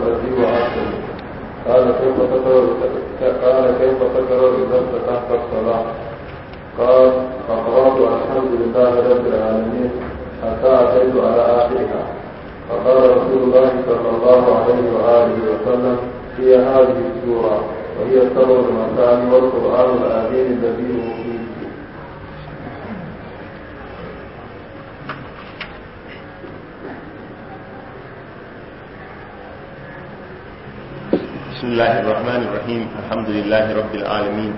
t a p بسم الله الرحمن الرحيم الحمد لله رب العالمين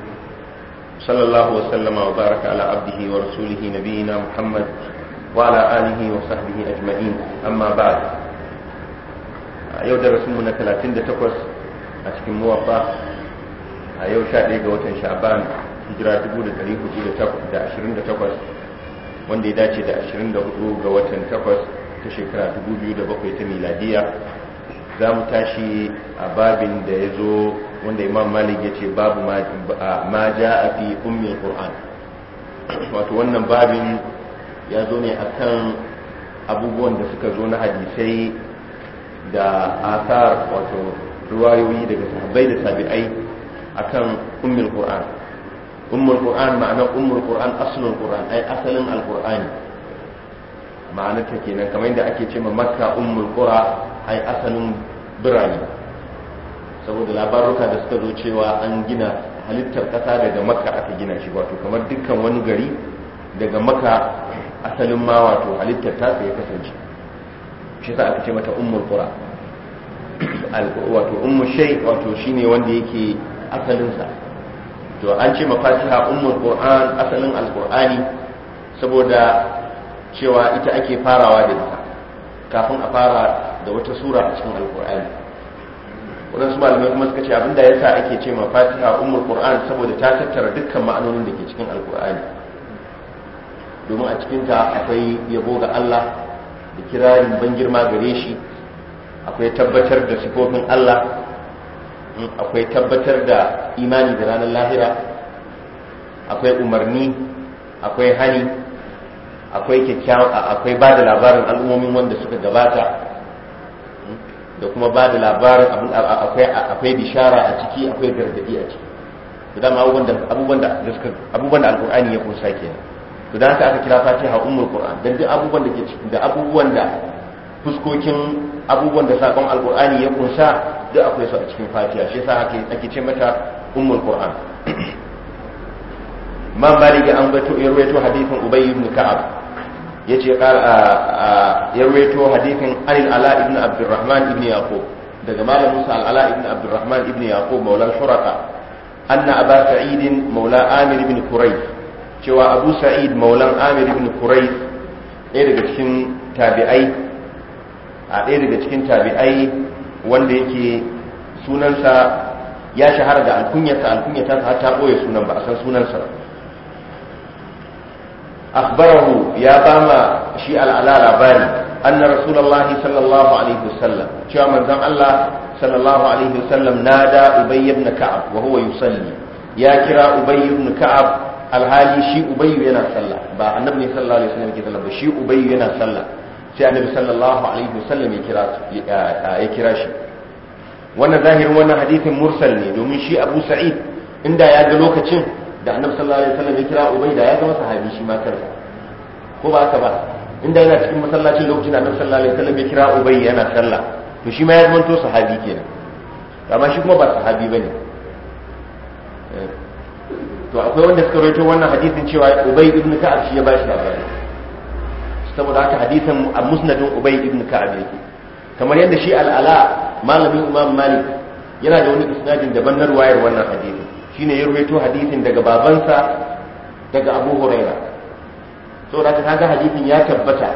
صلى الله وسلم وبارك على عبده ورسوله نبينا محمد وعلى آله وصحبه أجمعين أما بعد يودر رسمنا 30 تقوس أتكم موضع yau sha ɗaya ga watan sha'ban hijira dubu da ɗari hudu da ashirin da takwas wanda ya dace da ashirin da hudu ga watan takwas ta shekara dubu biyu da bakwai ta miladiya za mu tashi a babin da ya zo wanda imam malik ya ce babu ma ja a fi ummin qur'an wato wannan babin ya zo ne a kan abubuwan da suka zo na hadisai da asar wato ruwayoyi daga sahabbai da a kan ummin qur'an ummin qur'an ma'ana ummin qur'an asalin qur'an ai asalin alqur'ani ma'anar ta kenan kamar yadda ake ce ma makka ummul qura ai asalin birane saboda labaruka da suka zo cewa an gina halittar kasa daga makka aka gina shi wato kamar dukkan wani gari daga makka asalin ma wato halittar ta ya kasance shi sa aka ce mata ummul qura wato ummu shay wato shine wanda yake asalin sa to an ce mafatiha ummul qur'an asalin alqur'ani saboda cewa ita ake farawa da ita kafin a fara da wata sura a cikin alkur'ani waɗansu malamai kuma suka ce abinda sa ake ce ma fatiha umar qur'an saboda ta tattara dukkan ma'anonin da ke cikin alkur'ani domin a cikinta akwai yabo ga Allah da kirarin ban girma gare shi akwai tabbatar da sifofin Allah mm, akwai tabbatar da imani da ranar lahira akwai umarni akwai hani akwai kyakkyawan akwai ba da labarin al'ummomin wanda suka gabata hmm, da kuma ba da labarin akwai bishara a ciki akwai gargadi a ciki su dama abubuwan da alkur'ani ya kunsa kenan su da haka aka kira ha umar qur'an don duk abubuwan da ke ciki da abubuwan da fuskokin abubuwan da sakon alkur'ani ya kunsa duk akwai su a cikin fatiha shi yasa ake ce mata ummul qur'an man ga an bato ya ruwaito hadithin ubay ibn ka'ab yace ya ruwaito hadithin anil ala ibn abdurrahman ibn yaqub daga malam musa al ala ibn abdurrahman ibn yaqub maula shuraka anna aba sa'id maula amir ibn quraysh cewa abu sa'id maulan amir ibn quraysh ɗaya daga cikin tabi'ai a ɗaya daga cikin tabi'ai wanda yake sunansa ya shahara da alkunyarsa alkunyarsa ta ɓoye sunan ba a san sunansa ba akhbarahu ya bama shi al'ala labari anna rasulullah sallallahu alaihi wasallam cewa manzon Allah sallallahu alaihi wasallam nada ubay ibn ka'ab wa huwa yusalli ya kira ubay ibn ka'ab alhali shi ubay yana sallah ba annabi sallallahu alaihi wasallam ke shi ubay yana sallah sai annabi sallallahu alaihi wasallam ya kira ya shi wannan zahirin wannan hadifin mursal ne domin shi abu sa'id inda ya ga lokacin da annabi sallallahu alaihi wasallam ya kira ubaida ya zama sahabi shi ma kansa ko ba haka ba inda yana cikin masallacin lokacin da annabi sallallahu alaihi wasallam ya kira ubay yana sallah to shi ma ya zama to sahabi kenan amma shi kuma ba sahabi bane eh. to akwai wanda suka rawaito wannan hadisin cewa ubay ibn ka'ab shi ya bashi labari saboda haka hadisin a musnadin ubay ibn ka'ab yake kamar yadda shi al'ala malamin imam malik yana da wani isnadin daban na ruwayar wannan hadisin shine ya ruwaito hadisin daga babansa daga Abu Huraira da ta ga hadisin ya tabbata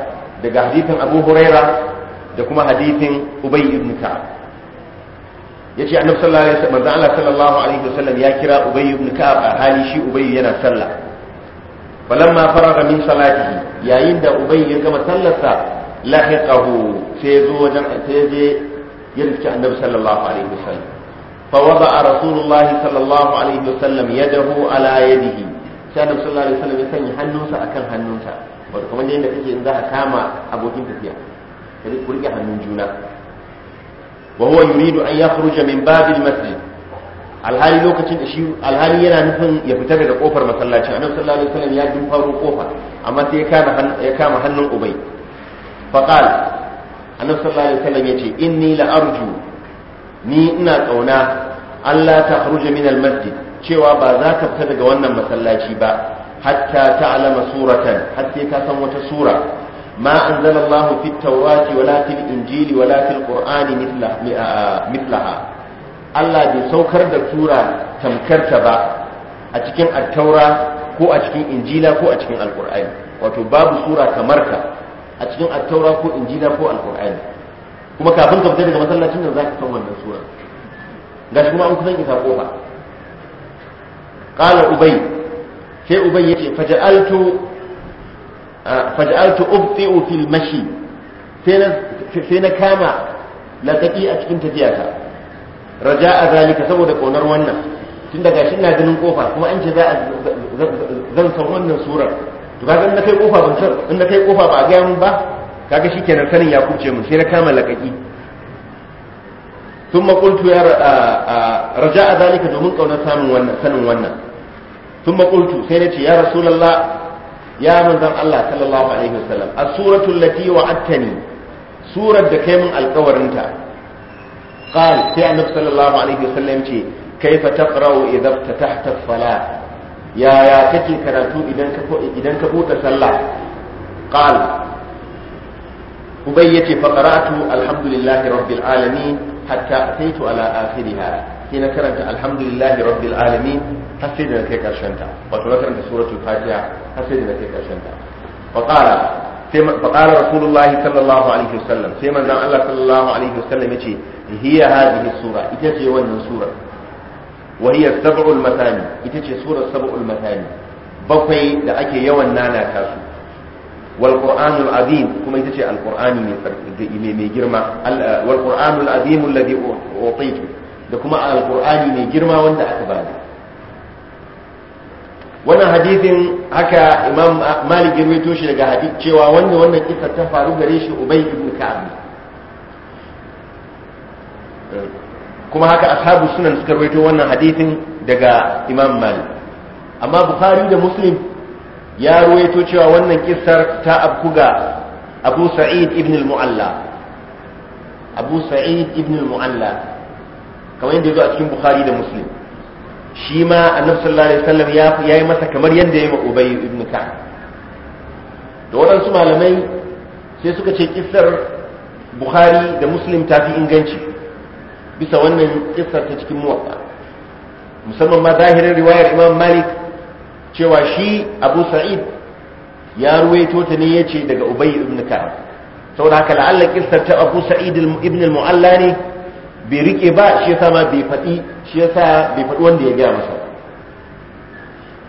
daga hadisin Abu Huraira da kuma hadisin Ubay ibn Ka'ab yace Annabi sallallahu alaihi wasallam manzo Allah sallallahu alaihi wasallam ya kira Ubay ibn Ka'ab a hali shi Ubay yana sallah falamma faraga min salatihi yayin da Ubay ya gama sallarsa lahiqahu sai zo wajen sai je ya Annabi sallallahu alaihi wasallam فوضع رسول الله صلى الله عليه وسلم يده على يده sai annabi sallallahu alaihi wasallam ya sanya hannunsa akan hannunsa wato kamar yadda kake in za ka kama abokin tafiya ka rike hannun juna wa huwa yuridu an min babil masjid alhali lokacin da shi alhali yana nufin ya fita daga kofar masallaci annabi sallallahu alaihi wasallam ya dumfaro kofa amma sai ya kama ya kama hannun ubay fa qala annabi sallallahu alaihi wasallam yace inni la arju ni ina tsauna Allah ta kharuja min al-masjid cewa ba za ka fita daga wannan masallaci ba hatta alama suratan hatta ka san wata sura ma anzalallahu fit tawrati wala fil injili wala fil qur'ani mithlaha Allah bai saukar da sura tamkarta ba a cikin attaura ko a cikin injila ko a cikin alkur'ani wato babu sura kamar ka a cikin attaura ko injila ko alkur'ani kuma kafin ka fita daga masallacin nan za ka san wannan sura gashi kuma an kusan isa kofa qala ubay sai ubay yace faj'altu faj'altu ubti'u fil mashi sai na kama lataki a cikin tafiya ta raja'a zalika saboda konar wannan tun daga shi ina ganin kofa kuma an ce za a zan san wannan surar to ga na kai kofa ban san in na kai kofa ba a ga mun ba kaga shikenan sanin ya kuce mu sai na kama lakaki ثم قلت يا رجاء ذلك domin kaunar samun wannan sanin wannan ثم قلت sai nace ya rasulullah ya manzon Allah sallallahu alaihi wasallam as-suratu allati wa'adtani surar da kai mun alƙawarin ta qal sai annabi sallallahu alaihi wasallam ce kaifa taqra'u idza iftahta as-salat ya ya kake karatu idan ka idan buɗe sallah qal ubay yace fa qara'tu alhamdulillahi rabbil alamin hatta ataitu ala akhiriha sai na karanta alhamdulillahi rabbil alamin har sai da kai karshen ta wato na karanta suratul fatiha har sai da kai karshen ta fa sai fa qala sallallahu alaihi wasallam sai manzon Allah sallallahu alaihi wasallam yace sura ita ce wannan sura wa hiya ita ce surar sab'ul matani bakwai da ake yawan nanata su wal qur'anul azim kuma ita ce alqur'ani mai mai girma eh, wal qur'anul azim alladhi utaitu da kuma alqur'ani mai girma wanda aka bani wannan hadisin haka imam malik ya shi daga cewa wanda wannan kisa ta faru gare shi ubay ibn ka'ab kuma haka ashabu sunan suka rawaito wannan hadisin daga imam malik amma Buhari da muslim ya ruwaito cewa wannan kissar ta abkuga abu sa'id ibn al-mu'alla abu sa'id ibn al-mu'alla kamar yadda zo a cikin bukhari da muslim shi ma annabi sallallahu alaihi wasallam ya yi masa kamar yadda ya ma ubay ibn ka'ab da waɗansu malamai sai suka ce kissar bukhari da muslim ta fi inganci bisa wannan kissar ta cikin muwatta musamman ma zahirin riwayar imam malik cewa shi abu sa'id ya ruwaito ta ne ya ce daga ubay ibn ka'ab saboda haka la'alla kissar ta abu sa'id ibn al-mu'alla ne bai rike ba shi yasa ma bai faɗi shi yasa bai faɗi wanda ya gaya masa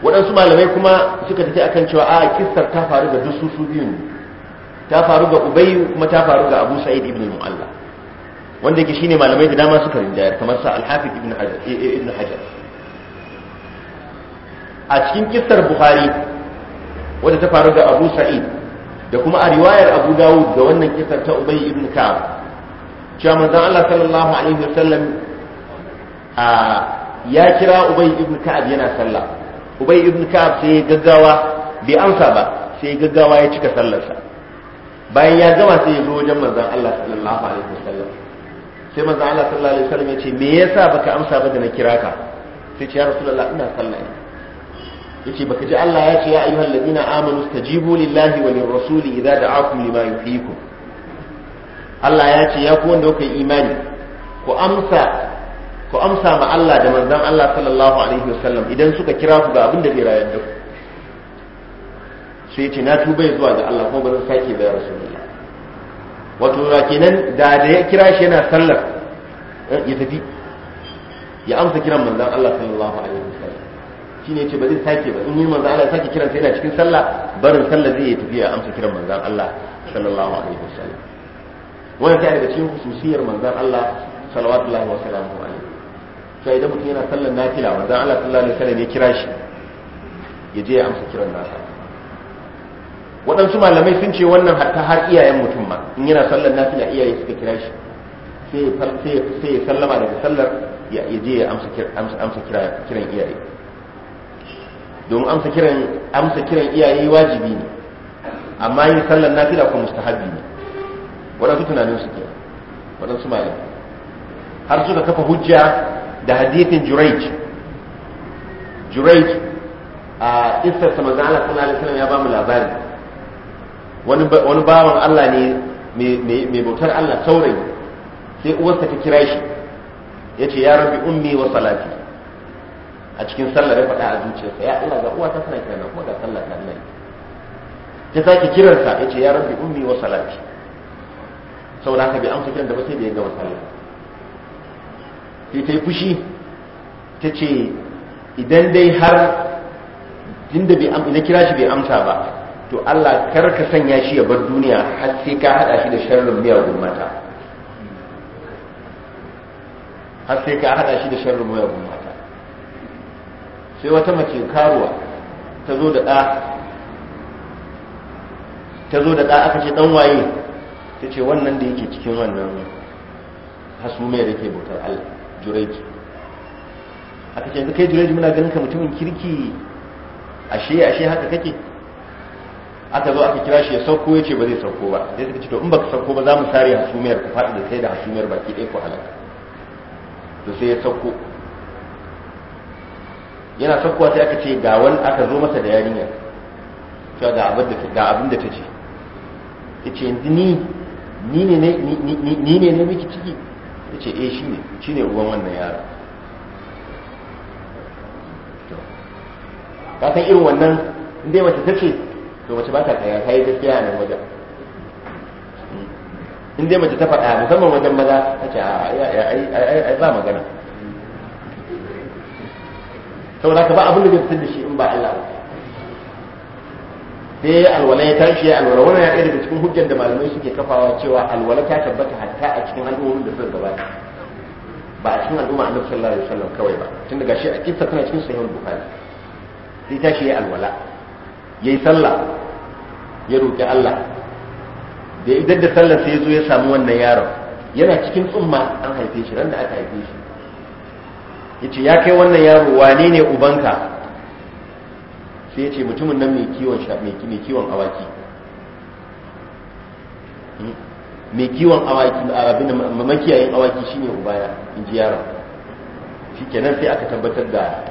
waɗansu malamai kuma suka tafi akan cewa a kissar ta faru ga dusu su biyu ta faru ga ubay kuma ta faru ga abu sa'id ibn al-mu'alla wanda yake shine malamai da dama suka rinjayar kamar sa al-hafiz ibn hajar eh, eh, a cikin kissar Bukhari wadda ta faru da abu sa'id da kuma a riwayar abu dawud da wannan kissar ta ubay ibn ka'ab cewa manzon Allah sallallahu alaihi wasallam a ya kira ubay ibn ka'ab yana sallah ubay ibn ka'ab sai ya gaggawa bai amsa ba sai ya gaggawa ya cika sallarsa bayan ya gama sai ya zo wajen manzon Allah sallallahu alaihi wasallam sai manzon Allah sallallahu alaihi wasallam ya ce me yasa baka amsa ba da na kira ka sai ce ya rasulullah ina sallah ina yace baka ji Allah ya ce ya ayyuhal ladina amanu stajibu lillahi wa lirrasuli idza da'akum lima yuhyikum Allah ya ce ya ku wanda kuka imani ku amsa ku amsa ma Allah da manzon Allah sallallahu alaihi wasallam idan suka kira ku ga abin da bai rayar da ku sai ce na tuba zuwa ga Allah kuma ba zan sake da rasulullah wato ra kenan da da ya kira shi yana sallar eh, ya tafi ya amsa kiran manzon Allah sallallahu alaihi wasallam shine ce ba zai sake ba in yi manzon Allah sake kiran sai yana cikin sallah barin sallah zai yi tafiya amsa kiran manzan Allah sallallahu alaihi wasallam wannan ta daga cikin hususiyar manzan Allah sallallahu alaihi wasallam to idan mutum yana sallar nafila manzon Allah sallallahu alaihi wasallam ya kira shi ya je ya amsa kiran nasa waɗansu malamai sun ce wannan hatta har iyayen mutum ma in yana sallar nafila iyaye suka kira shi sai ya sallama daga sallar ya je ya amsa kiran iyaye domin amsa kiran amsa kiran iyaye wajibi ne amma yin sallar nafila ko mustahabi ne waɗansu tunanin su ke waɗansu Malam har suka kafa hujja da hadithin juraij juraij a isar sa manzo Allah sallallahu alaihi wasallam ya bamu labari wani wani bawan Allah ne mai bautar Allah saurayi sai uwarsa ta kira shi yace ya rabi ummi wa salati a cikin sallar ya faɗa a zuciyarsa ya Allah ga uwata tana na kuma ga sallar ta nan ta sake kiransa ya ce ya rabbi ummi wa salati saboda haka bai amsa kiran da ba sai da ya gama sallar sai ta yi fushi ta ce idan dai har inda bai amsa idan kira shi bai amsa ba to Allah kar ka sanya shi ya bar duniya har sai ka hada shi da sharrin miyagun mata har sai ka hada shi da sharrin miyagun mata sai wata mace karuwa ta zo da ɗa ta zo da ɗa aka ce ɗan waye ta ce wannan da yake cikin wannan hasumai da ke bautar al aka ce kai juraiji muna ganin ka mutumin kirki ashe ashe haka kake aka zo aka kira shi ya sauko ya ce ba zai sauko ba sai suka ce to in baka sauko ba za mu sare hasumiyar ku faɗi da sai da hasumiyar baki ɗaya ku halaka to sai ya sauko yana sakkuwa sai aka ce ga wani aka zo masa da yarinya cewa ga abin da ga abin da tace yace yanzu ni ni ne ne ni ne ne miki ciki yace eh shine shine uwan wannan yaro ka san irin wannan in dai mace tace to mace ba ta kaya kai gaskiya nan wajen in dai mace ta faɗa musamman wajen maza ta ce ai ba magana saboda ka ba abin da zai fitar da shi in ba Allah ba sai alwala ya tashi ya alwala wannan ya ɗaya daga cikin hujjar da malamai suke kafawa cewa alwala ta tabbata hatta a cikin al'ummar da suka gabata ba a cikin al'umma annabi sallallahu alaihi wasallam kawai ba tun daga shi a kissa tana cikin sahih bukhari sai tashi ya alwala yayi sallah ya roki Allah da idan da sallar sai ya zo ya samu wannan yaron yana cikin tsumma an haife shi ran da aka haife shi yace ya kai wannan yaro wane ne ubanka sai yace mutumin nan mai kiwon mai kiwon awaki hmm? mai kiwon awaki abin makiyayin awaki shine ubaya in ji yaron shikenan sai aka tabbatar da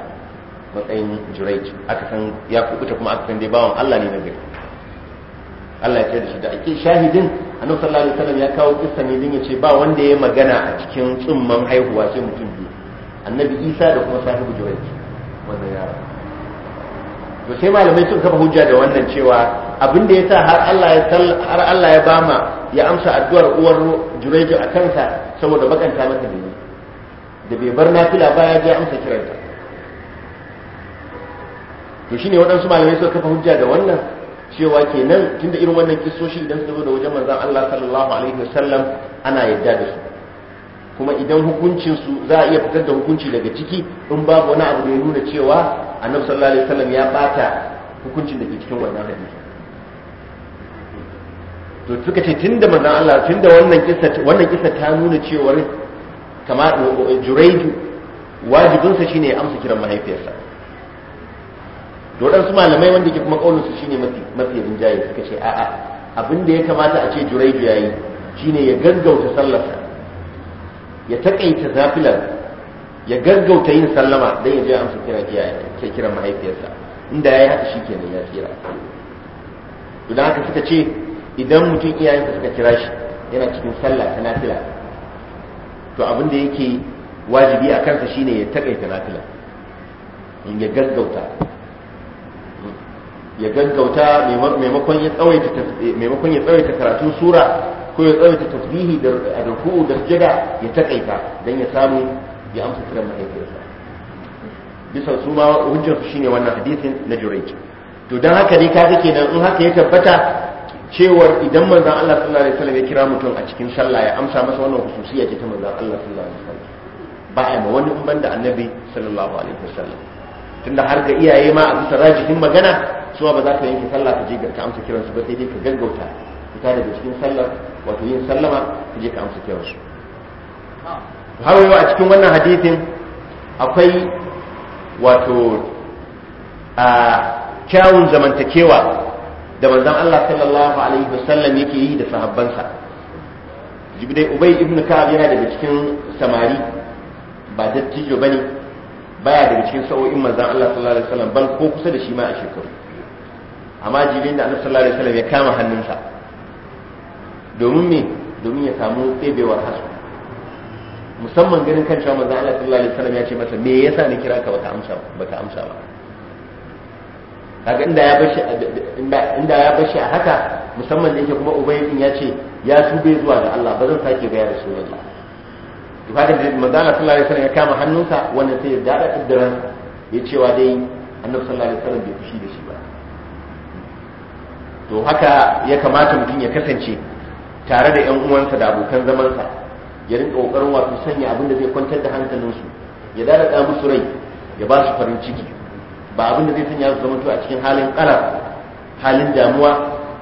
matsayin jirai aka san ya kubuta kuma aka san dai bawan Allah ne na gari Allah ya da shi da ake shahidin annabi sallallahu alaihi wasallam ya kawo kissa ne din yace ba wanda ya magana a cikin tsumman haihuwa sai mutum biyu annabi isa da kuma sahibu juwaiji wannan yara to sai malamai sun kafa hujja da wannan cewa abin da yasa har Allah ya har Allah ya bama ya amsa addu'ar uwar jurejo a kansa saboda bakanta da ni, da bai bar nafila ba ya ji amsa kiranta to shine waɗansu malamai suka kafa hujja da wannan cewa kenan tunda irin wannan kissoshi idan su zo da wajen manzon Allah sallallahu alaihi wasallam ana yadda da su kuma idan hukuncinsu za a iya fitar da hukunci daga ciki in babu wani abu ya nuna cewa annabi sallallahu alaihi wasallam ya bata hukuncin da ke cikin wannan hadisi to suka ce tunda manzon Allah tunda wannan kissa wannan kissa ta nuna cewa kama juraidu wajibinsa shine ya amsa kiran mahaifiyarsa dodan su malamai wanda ke kuma kaulin su shine mafi mafi rinjaye suka ce a'a abinda ya kamata a ce juraidu yayi shine ya gaggauta sallarsa ya takaita nafilar ya gaggauta yin sallama don ya je amsa kira ke kiran mahaifiyarsa inda ya yi haka shi kenan ya tsira idan aka suka ce idan mutum iyayensa suka kira shi yana cikin sallah ta nafila to abin da yake wajibi a kansa shine ya takaita nafila ya gaggauta ya gaggauta maimakon ya tsawaita karatun sura ko ya tsawaita tasbihi da ruku'u da sujada ya takaita dan ya samu ya amsa kiran mahaifiyarsa bisa su ma hujjar su shine wannan hadisin na Jurayj to dan haka ne kaga kenan in haka ya tabbata cewar idan manzon Allah sallallahu alaihi wasallam ya kira mutum a cikin sallah ya amsa masa wannan hususiya ce ta manzon Allah sallallahu alaihi wasallam ba a ma wani umman da annabi sallallahu alaihi wasallam tunda har ga iyaye ma a bisa rajihin magana suwa ba za ka yanke sallah ka je ka amsa kiransu ba sai dai ka gaggauta fita daga cikin sallar wato yin sallama ka je ka amsa kiran su har yau a cikin wannan hadisin akwai wato a kyawun zamantakewa da manzon Allah sallallahu alaihi wasallam yake yi da sahabbansa jibdai ubay ibn ka'ab yana daga cikin samari ba dattijo bane baya daga cikin sa'o'in manzon Allah sallallahu alaihi wasallam ban ko kusa da shi ma a shekaru amma jibin da Annabi sallallahu alaihi wasallam ya kama hannunsa domin me domin ya samu ɗebewar hasu musamman ganin kan cewa manzo Allah sallallahu alaihi wasallam ya ce masa me yasa ni kira ka baka amsa baka amsa ba kaga inda ya bashi inda ya bashi a haka musamman da yake kuma ubayyin ya ce ya tube zuwa ga Allah ba zan sake ga ya rasulullah to kaga manzo Allah sallallahu alaihi wasallam ya kama hannunsa wannan sai ya dada kiddaran ya cewa dai annabi sallallahu alaihi wasallam bai fushi da shi ba to haka ya kamata mutum ya kasance tare da yan uwansa da abokan zamansa ya rinka kokarin wato sanya abin da zai kwantar da hankalinsu ya dalaka musu rai ya ba su farin ciki ba abin da zai sanya su zamanto a cikin halin kara halin damuwa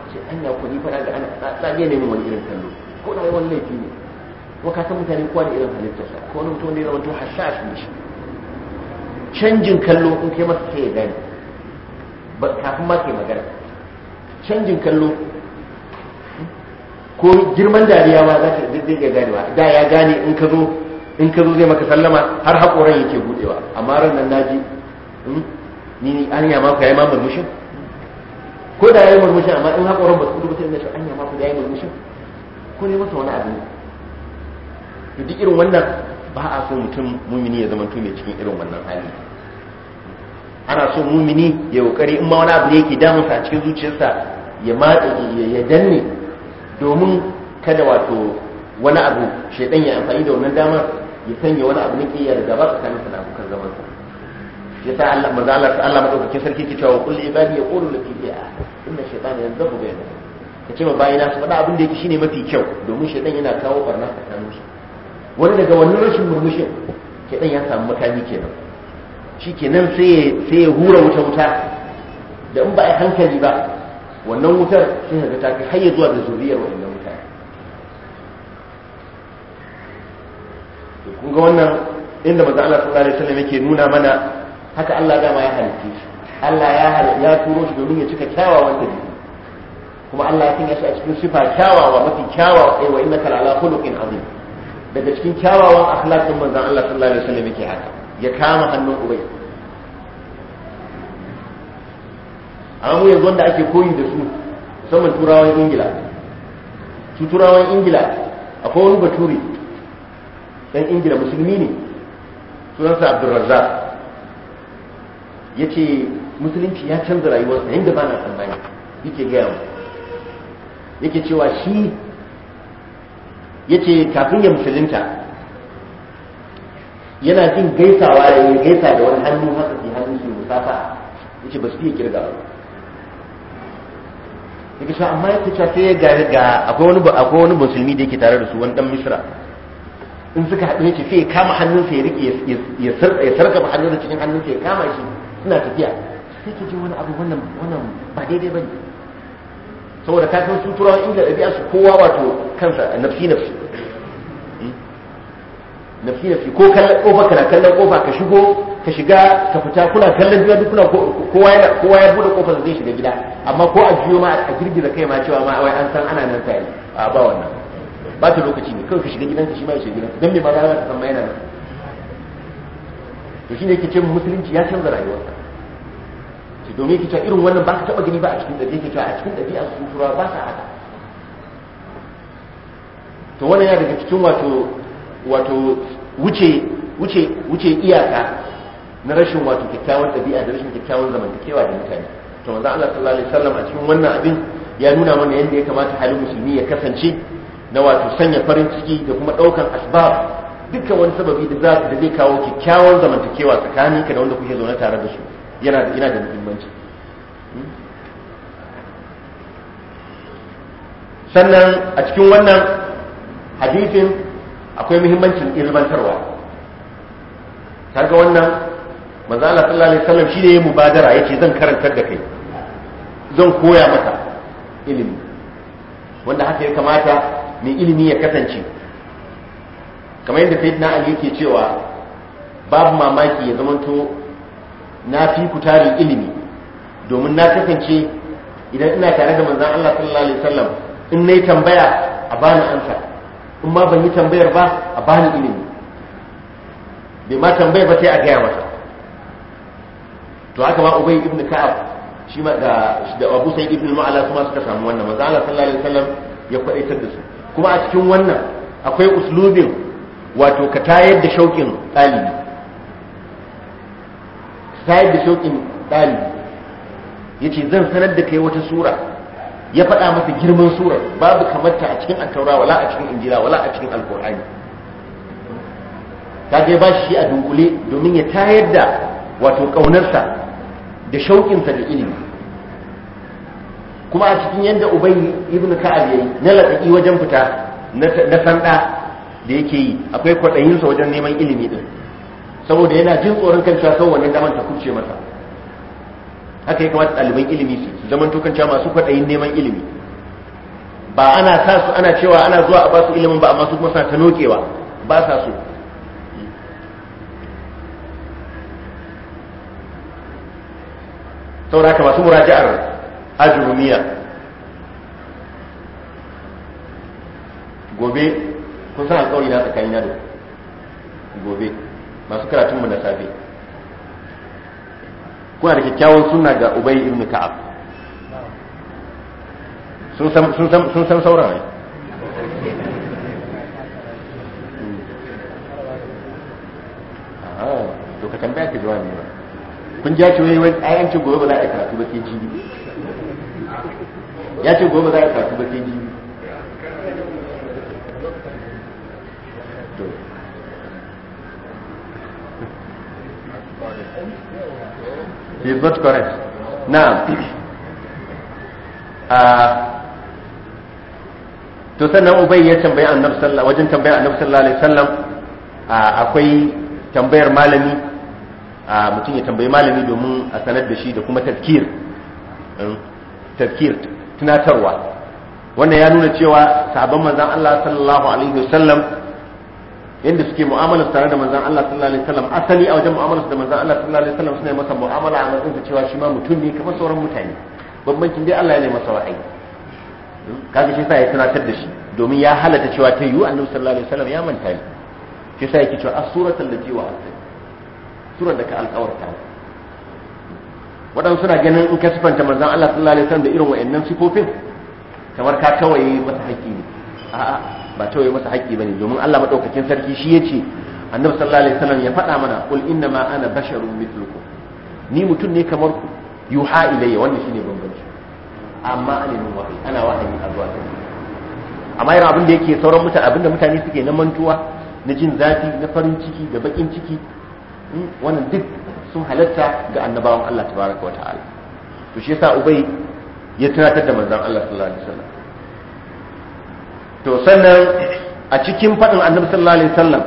sai an ya kuni fara da ana tsage ne wani irin kallo ko da wani laifi ne ko ka san mutane kowa da irin halittarsa ko wani mutum ne ya zamanto hashash ne shi canjin kallo in kai masa sai ya gane kafin ma kai magana canjin kallo ko girman dariya ba za ka zai ga ba da ya gane in ka zo in ka zo zai maka sallama har haƙoran yake buɗewa amma ran nan naji hmm? ni ni an yi maka yayi ma murmushin ko da yayi murmushin amma in haƙoran ba su fito ba sai na ce an yama maka yayi murmushin ko ne masa wani abu to duk irin wannan ba a so mutum mumini ya zama mai cikin irin wannan hali ana so mumini ya kokari in ma wani abu ne yake damunsa cikin zuciyarsa ya matsa ya danne domin kada wato wani abu shaidan ya amfani da wannan damar ya sanya wani abu na kiyar da tsakanin sa da abokan zaman sa sa Allah maza Allah ta Allah madaukakin sarki ke cewa kullu ibadi qulu lati bi'a inna shaytana yanzabu bayna ka ce ma bayina su faɗa abin da yake shine mafi kyau domin shaidan yana kawo barna tsakanin su wani daga wannan rashin murmushin shaidan ya samu makami kenan shi kenan sai ya hura wuta wuta da in ba a hankali ba wannan wutar sai ka ga ta kai har zuwa da zuriyar wannan mutane to kun ga wannan inda manzo Allah sallallahu alaihi wasallam yake nuna mana haka Allah dama ya halitta shi Allah ya ya turo shi domin ya cika kyawawan dabi'u kuma Allah ya sanya shi a cikin sifa kyawawa mafi kyawawa ai eh, wa innaka ala khuluqin azim daga cikin kyawawan akhlaqin manzo Allah sallallahu alaihi wasallam yake haka ya kama hannun ubai A mu yanzu wanda ake koyi da su musamman turawan ingila su turawan ingila akwai wani baturi ɗan ingila musulmi ne sunansa Raza. ya ce musulunci ya canza rayuwarsa yadda ba na tsammani yake gaya mu yake cewa shi ya ce kafin ya musulunta yana jin gaisawa da ya gaisa da wani hannu haka ke hannu su musafa ya ce ba su iya ba. yake cewa amma yake cewa sai ya ga akwai wani akwai wani musulmi da yake tare da su wani dan misra in suka haɗu yace sai ya kama hannunsa ya rike ya ya sarka hannun da cikin hannunsa ya kama shi suna tafiya sai ke ji wani abu wannan wannan ba daidai bane saboda ka san su turawan inda ɗabi'a su kowa wato kansa nafsi nafsi hmm? nafsi nafsi ko kallon kofa kana kallon kofa ka shigo ka shiga ka fita kuna kallon juna duk kuna kowa ya kowa ya bude kofar zai shiga gida amma ko a jiyo ma a girgiza kai ma cewa ma wai an san ana nan tare a ba wannan ba ta lokaci ne kawai ka shiga gidan shi ma ya shiga gidan dan me ba za ka san ma yana nan to shine ke ce musulunci ya canza rayuwarsa ce domin ke cewa irin wannan ba ka taba gani ba a cikin dabi'a ke cewa a cikin dabi'a su turawa ba sa haka to wannan yana daga cikin wato wato wuce wuce wuce iyaka na rashin wato kyakkyawan ɗabi'a da rashin kyakkyawan zamantakewa da mutane to manzo Allah sallallahu alaihi wasallam a cikin wannan abin ya nuna mana yadda ya kamata halin musulmi ya kasance na wato sanya farin ciki da kuma ɗaukan asbab dukkan wani sababi da za da zai kawo kyakkyawan zamantakewa tsakanin ka da wanda kuke zaune tare da su yana da yana da muhimmanci hmm? sannan a cikin wannan hadisin akwai muhimmancin ilmantarwa ga wannan manzo Allah sallallahu alaihi wasallam shine yayin mubadara yace zan karantar da kai zan koya maka ilimi wanda haka ya kamata mai ilimi ya kasance kamar yadda sayyidina Ali yake cewa babu mamaki ya zamanto na fi ku ilimi domin na kasance idan ina tare da manzon Allah sallallahu alaihi wasallam in nayi tambaya a bani ansa in ma ban yi tambayar ba a bani ilimi bai ma tambaya ba sai a gaya masa to haka ma ubay ibn ka'ab shi ma da da abu sai ibn ma'ala kuma suka samu wannan manzo Allah sallallahu alaihi wasallam ya kwadaitar da su kuma a cikin wannan akwai uslubin wato ka tayar da shauƙin ɗalibi tayar da shauƙin ɗalibi yace zan sanar da kai wata sura ya faɗa masa girman surar babu kamarta a cikin antaura wala a cikin injila wala a cikin alkur'ani Ta ba shi a dunkule domin ya tayar da wato ƙaunarsa da shauƙinsa da ilimi kuma a cikin yadda ubai ibn ka'ab yayi na latsaki wajen fita na sanda da yake yi akwai kwaɗayinsa wajen neman ilimi din saboda yana jin tsoron kan cewa sau wannan daman ta kuce masa haka ya kamata ɗaliban ilimi su zaman to cewa masu kwaɗayin neman ilimi ba ana sa su ana cewa ana zuwa a ba su ilimin ba amma su kuma suna ta nokewa ba sa so saboda haka masu muraja'ar ajrumiya gobe kun san alƙawari na tsakanin na gobe masu karatun mu na safe kuna da kyakkyawan suna ga ubai ibn ka'ab sun san sauran ne to ka tambaya ka jawabi ba kun ja ce wai wai ayan ce gobe ba za a karatu ba sai jibi ya ce gobe za a karatu ba sai jibi is not correct now ah. to sannan ubay ya tambaya annabi sallallahu wajen tambaya annabi sallallahu alaihi wasallam ah, akwai tambayar malami mutum ya tambayi malami domin a sanar da shi da kuma tafkir um, tafkir tunatarwa wannan ya nuna cewa sabon manzan Allah sallallahu alaihi wasallam yadda suke mu'amalar tare da manzan Allah sallallahu alaihi wasallam asali a wajen mu'amalar da manzan Allah sallallahu alaihi wasallam suna masa mu'amala a matsayin cewa shi ma mutum ne kamar sauran mutane bambancin dai Allah ya ne masa wa'ayi um, kaga shi sa ya tunatar da shi domin ya halatta cewa ta yiwu annabi sallallahu alaihi wasallam ya manta ne shi sa yake cewa as-suratul lati wa'ata turan da ka alkawarta waɗansu na ganin in ka sifanta manzan Allah sallallahu alaihi wasallam da irin wa'annan sifofin kamar ka tawaye masa haƙƙi ne a'a ba tawaye masa haƙƙi bane domin Allah madaukakin sarki shi yace annabi sallallahu alaihi wasallam ya faɗa mana qul inna ma ana basharun mithlukum ni mutum ne kamar ku yuha ilayya wannan shine bambanci amma alimin wahayi ana wahayi a zuwa amma yana abin da yake sauran mutane abin da mutane suke na mantuwa na jin zafi na farin ciki da bakin ciki wannan duk sun halatta ga annabawan Allah tabaraka wa ta'ala to shi yasa ubai ya tunatar da manzon Allah sallallahu alaihi wasallam to sannan a cikin fadin annabi sallallahu alaihi wasallam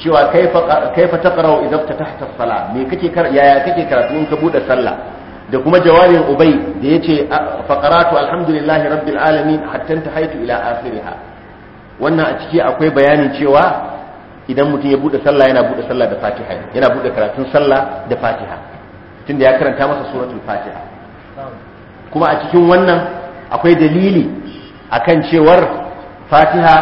cewa kaifa kaifa taqra'u idza fatahta as sala me kake yaya kake karatu in ka bude sallah da kuma jawabin ubai da yace ce faƙaratu alhamdulillahi rabbil alamin hatta ta haitu ila akhiriha wannan a ciki akwai bayanin cewa idan mutum ya bude sallah yana bude sallah da fatiha yana bude karatun sallah da fatiha tunda ya karanta masa suratul fatiha kuma a cikin wannan akwai dalili akan cewar fatiha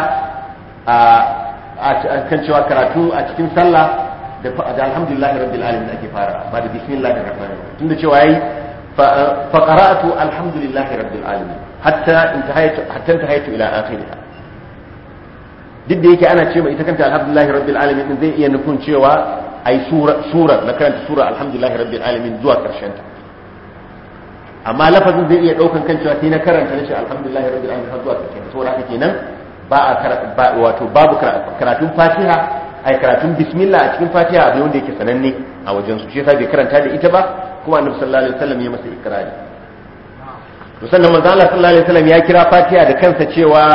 a kan cewa karatu a cikin sallah da alhamdulillahi rabbil alamin da ake fara ba da bismillahir rahmanir rahim tunda cewa yayi fa qara'atu alhamdulillahi rabbil alamin hatta intahaytu hatta intahaytu ila akhirih duk da yake ana ce mai ita kanta alhamdulillahi rabbil alamin din zai iya nufin cewa ai sura sura na karanta sura alhamdulillahi rabbil alamin zuwa karshen ta amma lafazin zai iya daukan kan cewa sai na karanta nace alhamdulillahi rabbil alamin har zuwa karshen ta saboda haka kenan ba a wato babu karatun fatiha ai karatun bismillah a cikin fatiha abu wanda yake sananne a wajen su shi yasa bai karanta da ita ba kuma annabi sallallahu alaihi wasallam ya masa ikrari to sannan manzo Allah sallallahu alaihi wasallam ya kira fatiha da kansa cewa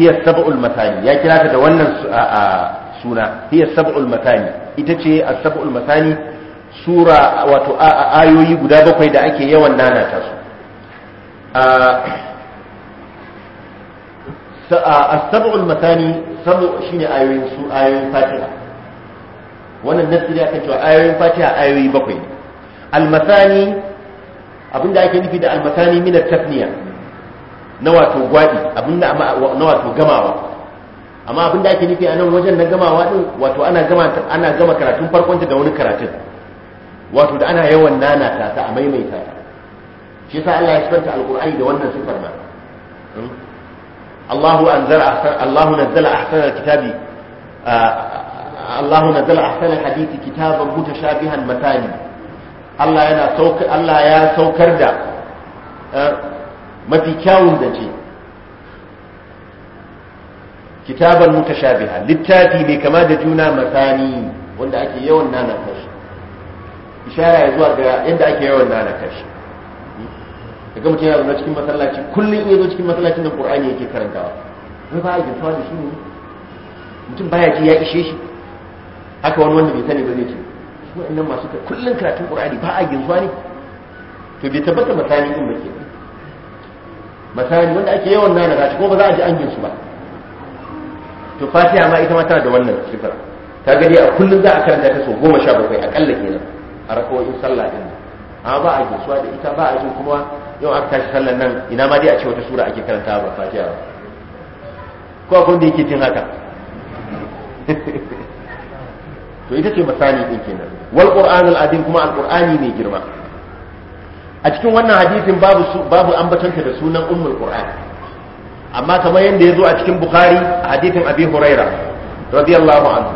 hiya sab'ul matani ya kira ta da wannan suna hiya sab'ul matani ita ce as-sab'ul matani sura wato ayoyi guda bakwai da ake yawan nanata su as-sab'ul matani sabu shine ayoyin su ayoyin fatiha wannan nasiri akan cewa ayoyin fatiha ayoyi bakwai al-matani abinda ake nufi da al-matani min at-tafniya na wato gwadi abin da na wato gamawa amma abin da ake nufi a nan wajen na gamawa din wato ana gama ana gama karatun farkon ta da wani karatun wato da ana yawan nana ta a maimaita ta shi yasa Allah ya sifanta alqur'ani da wannan sifar ma hmm? Allahu anzala ahsan Allahu nazzala ahsan alkitabi Allahu nazzala ahsan alhadithi kitaban mutashabihan matani Allah yana saukar Allah ya saukar da eh, mafi kyawun da zance sha mutashabiha littafi mai kama da juna masani wanda ake yawan nana kashi ishara ya zuwa ga yadda ake yawan nana kashi daga mutum yana zuwa cikin masallaci kullum in ya zo cikin masallacin da qur'ani yake karantawa wai ba a yi da shi ne mutum baya ji ya ishe shi haka wani wanda bai sani ba zai ce waɗannan masu kullum karatun qur'ani ba a gantawa ne to bai tabbata masani din ba kenan masani wanda ake yawan nana gashi ko ba za a ji an jin ba to fatiha ma ita ma tana da wannan sifar ta gani a kullum za a karanta ta sau goma sha bakwai akalla kenan a rakawoyin sallah din amma ba a suwa da ita ba a jin kuma yau aka tashi sallan nan ina ma dai a ce wata sura ake karanta ba fatiha ba ko akwai wanda yake jin haka to ita ce masani din kenan wal qur'anul adim kuma qur'ani mai girma a cikin wannan hadisin babu babu ambatanta da sunan ummul qur'an amma kamar yadda ya zo a cikin bukhari a hadisin abi huraira radiyallahu anhu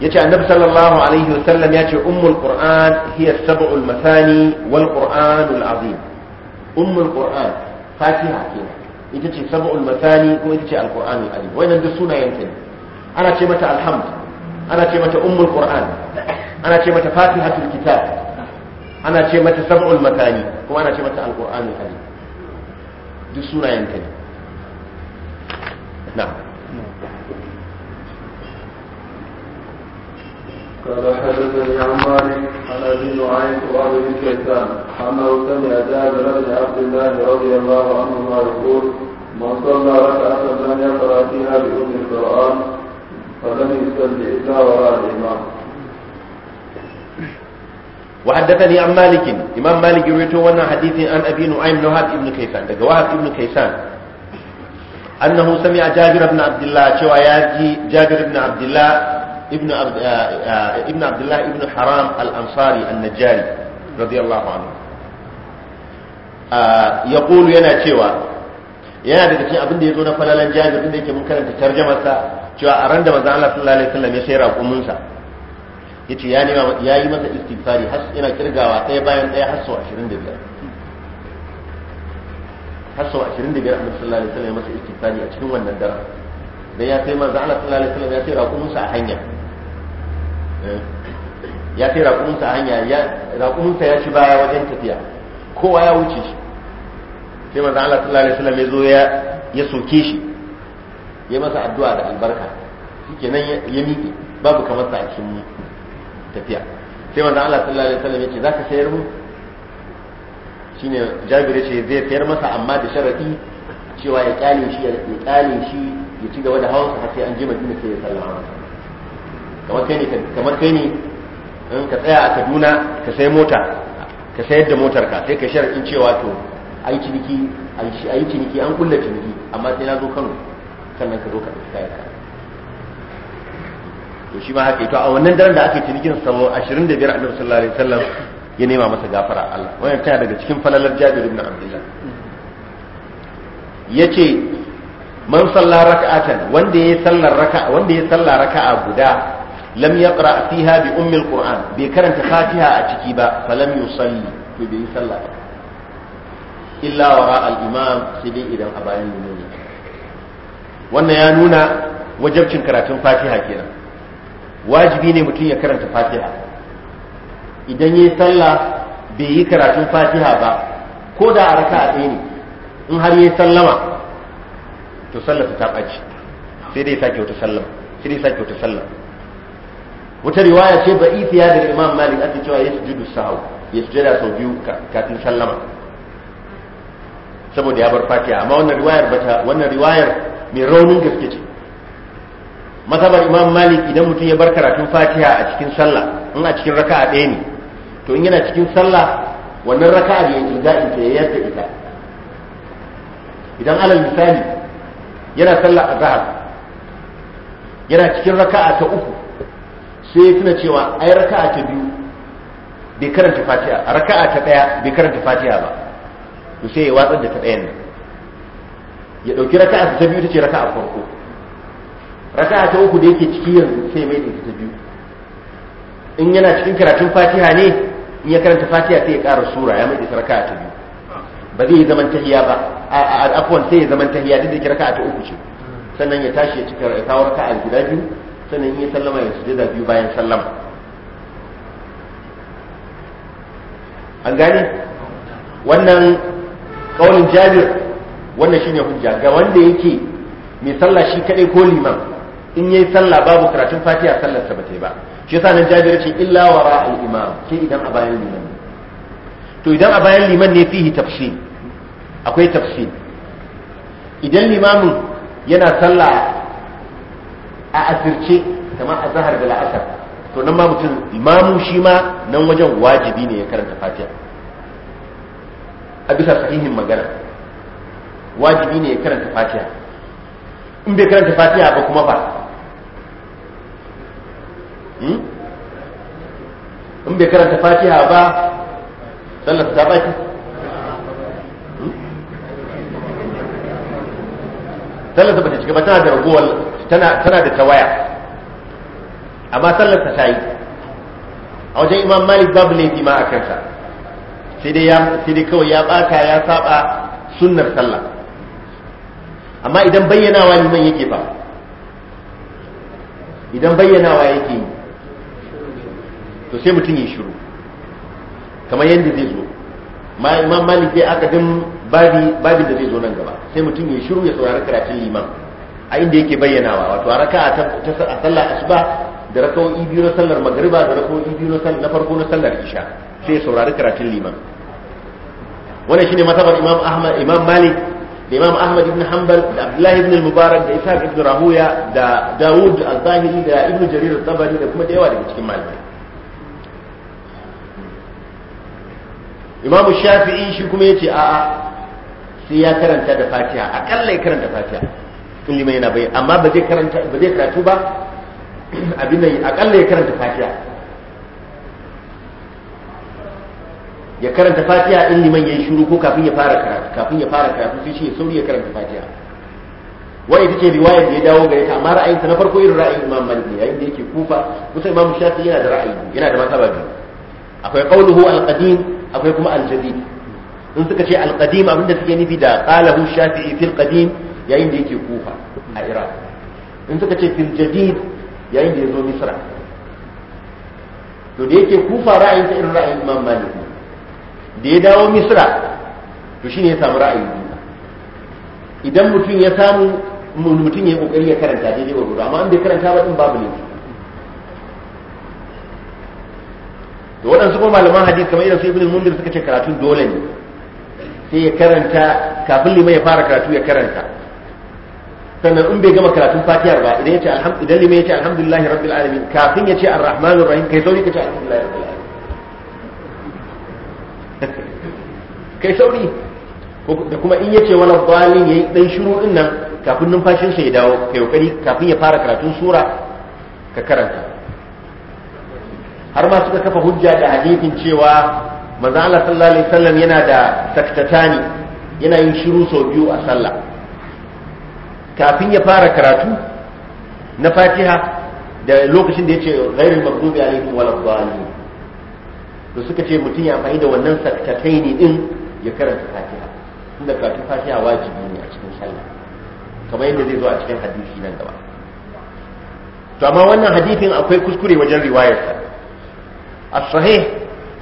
yace annabi sallallahu alaihi wasallam yace ummul qur'an hiya sab'ul masani wal qur'anul azim ummul qur'an fatiha kenan ita ce sab'ul masani kuma ita ce alqur'anul azim wannan duk sunayen ta ana ce mata alhamd ana ce mata ummul qur'an ana ce mata fatihatul kitab ana ce mata sab'ul makani kuma ana ce mata alqur'ani karim duk sura yanka ne na'am قال حدثني عن مالك عن ابي نعيم وابي بن كيسان انه سمع جابر بن عبد الله رضي الله عنهما يقول من صلى ركعه لم يقرا فيها بام القران فلم يصلي الا وراء الامام وحدثني عن مالك إمام مالك رويته وانا حديث عن أبي نعيم نهاد ابن كيسان دقى وهب ابن كيسان أنه سمع جابر بن عبد الله شوى ياجي جابر بن عبد الله ابن عبد, ابن عبد الله ابن حرام الأنصاري النجاري رضي الله عنه يقول ينا شوى yana daga cikin abin da ya zo na falalan jabir inda yake mun karanta tarjamarsa cewa a ran da manzo Allah sallallahu alaihi wasallam ya sai raƙumin sa yace ya nema ya yi masa istifari har yana kirgawa ɗaya bayan ɗaya har sau 25 har sau 25 annabi sallallahu alaihi wasallam ya masa istifari a cikin wannan dara dan ya kai manzo Allah sallallahu alaihi wasallam ya sai raƙumin eh. sa a hanya ya sai raƙumin sa a hanya ya raƙumin sa ya ci baya wajen tafiya kowa ya wuce shi sai manzo Allah sallallahu alaihi wasallam ya zo ya ya soke shi ya masa addu'a da albarka shikenan ya miƙe babu kamar sa a cikin tafiya sai wanda Allah sallallahu alaihi wasallam yace zaka sayar mu shine Jabir yace zai sayar masa amma da sharadi cewa ya kyale shi ya kyale shi ya ci gaba da hawan sa sai an je Madina sai ya sallama kamar kai ne kamar kai ne in ka tsaya a Kaduna ka sai mota ka sayar da motar ka sai ka sharadin cewa to ai ciniki ai ciniki an kullace ciniki amma sai na zo Kano sannan ka zo ka tsaya to shi ma haka to a wannan daren da aka yi cinikin sabo 25 annabi sallallahu alaihi wasallam ya nema masa gafara Allah wannan ta daga cikin falalar Jabir ibn Abdullah yace man salla raka'atan wanda ya sallar raka'a wanda ya salla raka'a guda lam yaqra fiha bi ummi alquran bai karanta fatiha a ciki ba falam yusalli to bai salla ba illa wara al-imam sai dai idan a bayan limami wannan ya nuna wajabcin karatun fatiha kenan wajibi ne mutum ya karanta fatiha idan yi sallah bai yi karatun fatiha ba ko da a raka a tsaye ne in har yi sallama to sallah ta ɓaci sai dai sake wata sallama sai dai sake wata sallama wata riwaya ce ba ifiya da imam malik ake cewa ya sujudu hau, ya sujada sau biyu kafin sallama saboda ya bar fatiha amma wannan riwayar bata wannan riwayar mai raunin gaske ce mazhabar imam malik idan mutum ya bar karatun fatiha a cikin sallah in a cikin raka'a ɗaya ne to in yana cikin sallah wannan raka'a ya yi za'in ta ya da ita idan alal misali yana sallah a zahar yana cikin raka'a ta uku sai ya cewa ai raka'a ta biyu bai karanta fatiha a raka'a ta ɗaya bai karanta fatiha ba to sai ya watsar da ta ɗayan nan ya ɗauki raka'a ta biyu ta ce raka'a farko raka'a ta uku da yake ciki yanzu sai mai ta biyu in yana cikin karatun fatiha ne in ya karanta fatiha sai ya kara sura ya mai raka ta biyu ba zai yi zaman tahiya ba a afwan sai ya zaman tahiya duk da ke raka ta uku ce sannan ya tashi ya cika ya raka gida guda biyu sannan in ya sallama ya sujada biyu bayan sallama an gane wannan kaulin jabir wannan shine hujja ga wanda yake mai sallah shi kadai ko liman in yayi sallah babu karatun fatiha sallar ta bata ba shi yasa nan jabir ce illa wara al imam ke idan a bayan liman ne to idan a bayan liman ne fihi tafsir akwai tafsir idan limamin yana sallah a asirce kamar a zahar da la'asar to nan ma mutum imamu shi ma nan wajen wajibi ne ya karanta fatiha a bisa sahihin magana wajibi ne ya karanta fatiha in bai karanta fatiha ba kuma ba Hmm? in bai karanta fatiha ba sallar ta baki hmm? sallar ba ta cika ba tana da ragowar tana da tawaya amma sallar ta yi a wajen imam malik babu laifi ma a kansa sai dai kawai ya baka ya saba sunnar sallah amma idan bayyanawa liman yake ba idan bayyanawa yake yi to sai mutum ya shiru kamar yadda zai zo imam malik dai aka din babi babin da zai zo nan gaba sai mutum ya shiru ya saurari karatun liman a inda yake bayyanawa wato a raka ta sallar asuba da raka'o'i biyu na sallar magriba da raka'o'i biyu na farko na sallar isha sai ya saurari karatun liman wannan shine masabar imam ahmad imam malik da imam ahmad ibn hanbal da abdullahi ibn mubarak da isa ibn rahuya da dawud al-zahiri da ibn jarir al-tabari da kuma da yawa daga cikin malamai imamu shafi'i shi kuma yace a'a sai ya karanta da fatiha akalla ya karanta fatiha Tun liman yana bayyana amma ba zai karanta ba zai karatu ba abin nan akalla ya karanta fatiha ya karanta fatiha in liman yayi shiru ko kafin ya fara karatu kafin ya fara karatu sai shi ya sauri ya karanta fatiha wa ita ce riwaya da ya dawo gare ta amma ra'ayinsa na farko irin ra'ayin Imam Malik ne yayin da yake kufa kusa Imam Shafi'i yana da ra'ayi yana da masaba biyu akwai qauluhu al-qadim akwai kuma aljadid in suka ce alqadim abinda suke nufi da qalahu shafi'i fil qadim yayin da yake kufa a iraq in suka ce fil jadid yayin da yazo misra to da yake kufa ra'ayin sa irin ra'ayin imam malik da ya dawo misra to shine ya samu ra'ayi idan mutum ya samu mutum ya kokari ya karanta daidai wa amma an bai karanta ba din babu ne da waɗansu kuma malaman hadisi kamar irin su ibn mundir suka ce karatu dole ne sai ya karanta kafin liman ya fara karatu ya karanta sannan in bai gama karatun fatiyar ba idan yace alhamdu idan liman ce alhamdulillahi rabbil alamin kafin yace arrahmanir rahim kai sauri ce alhamdulillahi rabbil alamin kai sauri da kuma in yace wala dhalin yayi dan shiru din nan kafin numfashin sa ya dawo kai kokari kafin ya fara karatun sura ka karanta har ma suka kafa hujja da hadisin cewa manzo Allah sallallahu alaihi wasallam yana da taktatani yana yin shiru sau biyu a sallah kafin ya fara karatu na Fatiha da lokacin da yace ghairul maghdubi alaihim waladdallin to suka ce mutum ya amfani wannan saktataini din ya karanta Fatiha inda karatu Fatiha wajibi ne a cikin sallah kamar yadda zai zo a cikin hadisi nan gaba to amma wannan hadisin akwai kuskure wajen riwayarsa as-sahih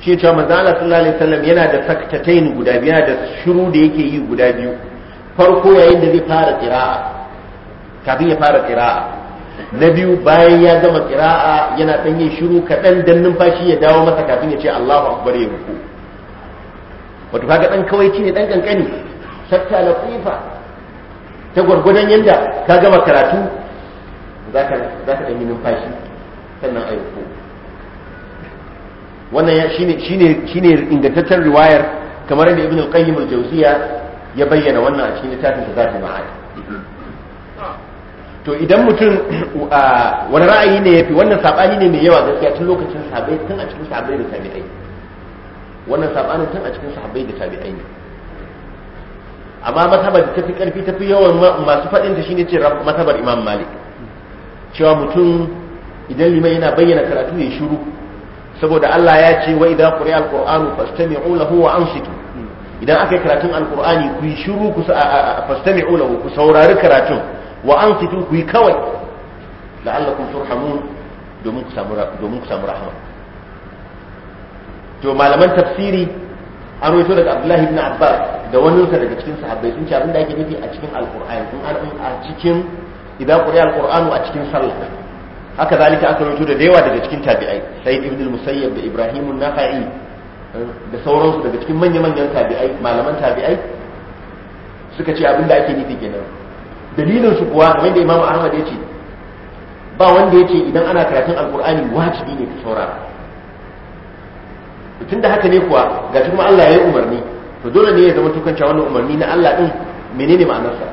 shi ta manzo Allah sallallahu alaihi wasallam yana da saktatain guda biyu yana da shiru da yake yi guda biyu farko yayin da zai fara qira'a kafin ya fara qira'a na biyu bayan ya gama qira'a yana dan yin shiru kadan dan numfashi ya dawo masa kafin ya ce Allahu akbar ya ruku wato kaga dan kawaici ne dan kankani sakta latifa ta gwargwadon yadda ka gama karatu za ka ɗan yi numfashi sannan a yi wannan shine shine shine ingantaccen riwayar kamar yadda ibn al-qayyim al-jawziya ya bayyana wannan a cikin littafin da zati ma'ad to idan mutum wani ra'ayi ne yafi wannan sabani ne mai yawa gaskiya tun lokacin sahabbai tun a cikin sahabbai da tabi'ai wannan sabani tun a cikin sahabbai da tabi'ai ne amma mazhabar ta fi karfi ta fi yawan masu faɗin ta shine ce mazhabar imam malik cewa mutum idan liman yana bayyana karatu ya shiru saboda Allah ya ce wa idan quri'a alqur'anu fastami'u lahu wa ansitu idan aka karatun al'kur'ani ku yi shiru ku fastami'u lahu ku saurari karatun wa ansitu ku yi kawai la'allakum turhamun domin ku samu domin ku samu rahama to malaman tafsiri an rawaito daga Abdullahi ibn Abbas da wani daga cikin sahabbai sun ce abin da ake nufi a cikin alqur'ani in an a cikin idan quri'a alqur'anu a cikin sallah haka zalika aka rawaito da yawa daga cikin tabi'ai sai ibn al-musayyib da ibrahim an-nakhai eh, da sauransu daga cikin manya-manyan tabi'ai malaman tabi'ai suka ce abinda ake nufi kenan dalilin su kuwa kamar da imam ahmad ya ce ba wanda ya ce idan ana karatun alkur'ani wajibi ne ka saurara tun da haka ne kuwa ga kuma Allah ya yi umarni to dole ne ya zama tukanta wannan umarni na Allah din menene ma'anarsa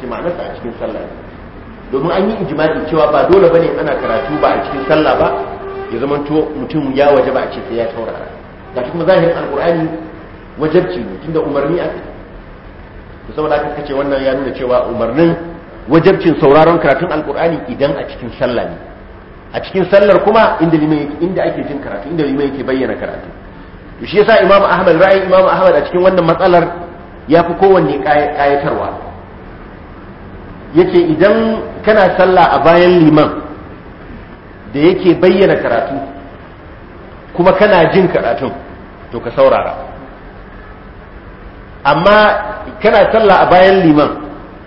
kuma ma'anarsa a cikin sallah domin an yi ijma'i cewa ba dole bane ana karatu ba a cikin sallah ba ya to mutum ya waje ba a ce sai ya taurara ga kuma zahirin alqur'ani wajabci ne tunda umarni a aka to saboda haka kace wannan ya nuna cewa umarnin wajabcin sauraron karatun alqur'ani idan a cikin sallah ne a cikin sallar kuma inda liman inda ake jin karatu inda liman yake bayyana karatu to shi yasa imamu ahmad ra'ayin imamu ahmad a cikin wannan matsalar ya fi kowanne kayatarwa yake idan kana sallah a bayan liman da yake bayyana karatu kuma kana jin karatun to ka saurara amma kana sallah a bayan liman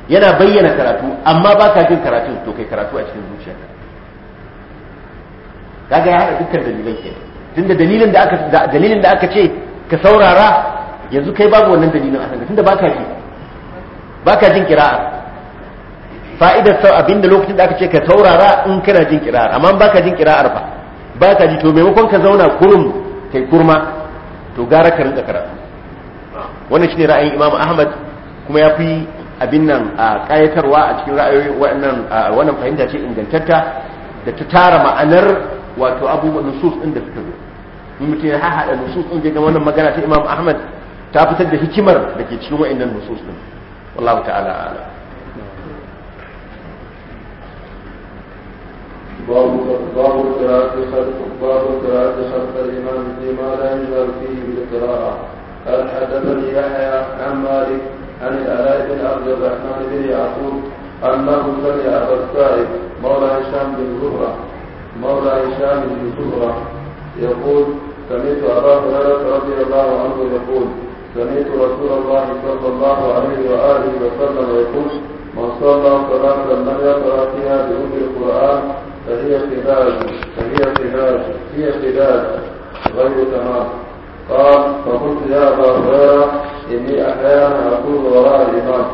yana bayyana karatu amma ba ka jin karatun to kai karatu a cikin zuciya kaga ya haɗa dukkan dalilan ke tunda dalilin da aka dalilin da aka ce ka saurara yanzu kai babu wannan dalilin a tunda baka ji baka jin kira'a fa'idar sau abinda lokacin da aka ce ka taurara in kana jin kira'ar amma ba ka jin kira'ar ba ba ka ji to maimakon ka zauna kurum kai kurma to gara ka rinka karatu wannan shine ra'ayin Imam Ahmad kuma ya fi abin nan a kayatarwa a cikin ra'ayoyi wannan wannan fahimta ce ingantatta da ta tara ma'anar wato abubuwan nusus din da suka zo in mutum ya haɗa nusus din ga wannan magana ta Imam Ahmad ta fitar da hikimar da ke cikin wa'annan nusus din wallahu ta'ala a'lam باب القراءة باب القراءة خلف الإمام فيما لا يجهر فيه بالقراءة قال حدثني يحيى عن مالك عن الآلاء بن عبد الرحمن بن يعقوب أنه سمع أبا السائب مولى هشام بن زهرة مولى هشام بن زهرة يقول سمعت أبا هريرة رضي الله عنه يقول سمعت رسول الله صلى الله عليه وآله وسلم يقول من صلى صلاة لم يقرأ فيها بأم القرآن فهي قبال فهي قبال هي قبال غير تمام قال فقلت يا أبا هريرة إني أحيانا أكون وراء الإمام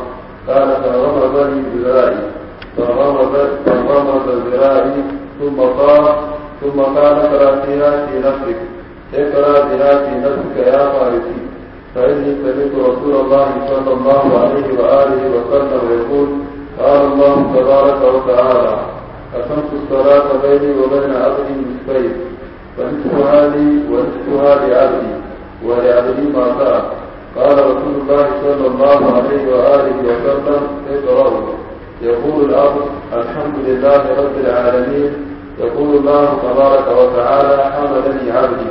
قال فغمزني بذراعي فغمز فغمز ذراعي ثم قال ثم قال اقرا فيها في نفسك اقرا بها في نفسك يا فارسي فإني سمعت رسول الله صلى الله عليه وآله وسلم يقول قال الله تبارك وتعالى أقمت الصلاة بيني وبين عبدي نصفين فنصفها لي ونصفها لعبدي ولعبدي ما فعل قال رسول الله صلى الله عليه وآله وسلم اقرأوا يقول الأرض الحمد لله رب العالمين يقول الله تبارك وتعالى حمدني عبدي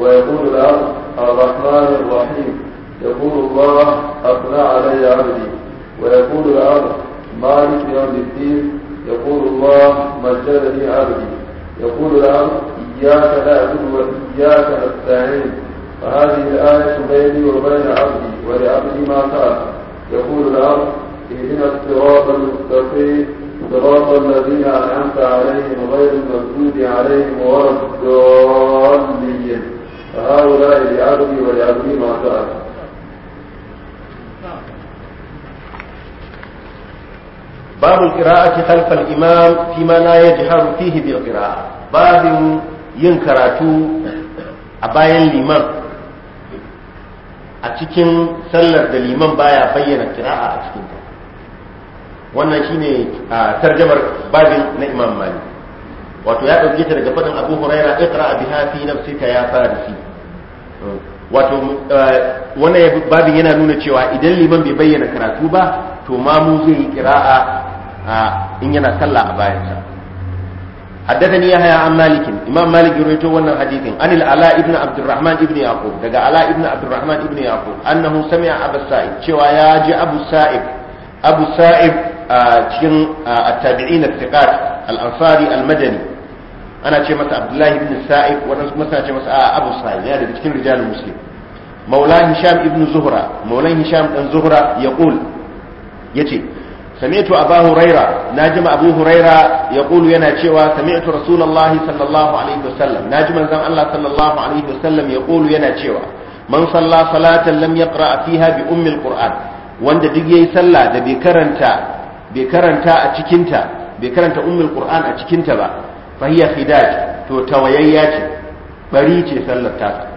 ويقول الأرض الرحمن الرحيم يقول الله أثنى علي عبدي ويقول الأرض مالك يوم الدين يقول الله مجد لي عبدي يقول العبد إياك نعبد وإياك نستعين فهذه الآية بيني وبين عبدي ولعبدي ما فعل يقول العبد اهدنا الصراط المستقيم صراط الذين أنعمت عليهم غير المردود عليهم ولا الضالين فهؤلاء لعبدي ولعبدي ما فعل باب القراءة خلف الإمام فيما لا يجهر فيه بالقراءة باب ينكراتو أبايا الإمام أتكين سلر الإمام بايا بين القراءة أتكين وانا شيني tarjamar باب na مالي wato ya dauke ta daga fadin Abu Huraira iqra biha fi nafsika ya farisi wato wannan babin yana nuna cewa idan liman bai bayyana karatu ba to ma mu zai yi kira'a in yana sallah a bayansa حدثني يحيى عن مالك امام مالك رويته wannan hadithin عن العلاء ابن عبد الرحمن ابن يعقوب daga علاء ابن عبد الرحمن ابن يعقوب انه سمع ابو سائب cewa ya ji abu sa'ib abu sa'ib cikin at-tabi'in at-thiqat al-ansari ana ce masa abdullah ibn sa'ib wannan kuma ce masa abu sa'ib yana da cikin rijal muslim maula hisham Ibnu zuhra maula hisham dan zuhra yaqul yace سمعت أبا هريرة ناجم أبو هريرة يقول ينا شوى سمعت رسول الله صلى الله عليه وسلم ناجم الزم الله صلى الله عليه وسلم يقول ينا شوى من صلى صلاة لم يقرأ فيها بأم القرآن وان دقي صلى ده بكرنتا بكرنتا أتكنتا بكرنتا أم القرآن أتكنتا با فهي خداج تو توييات بريتي صلى التاسع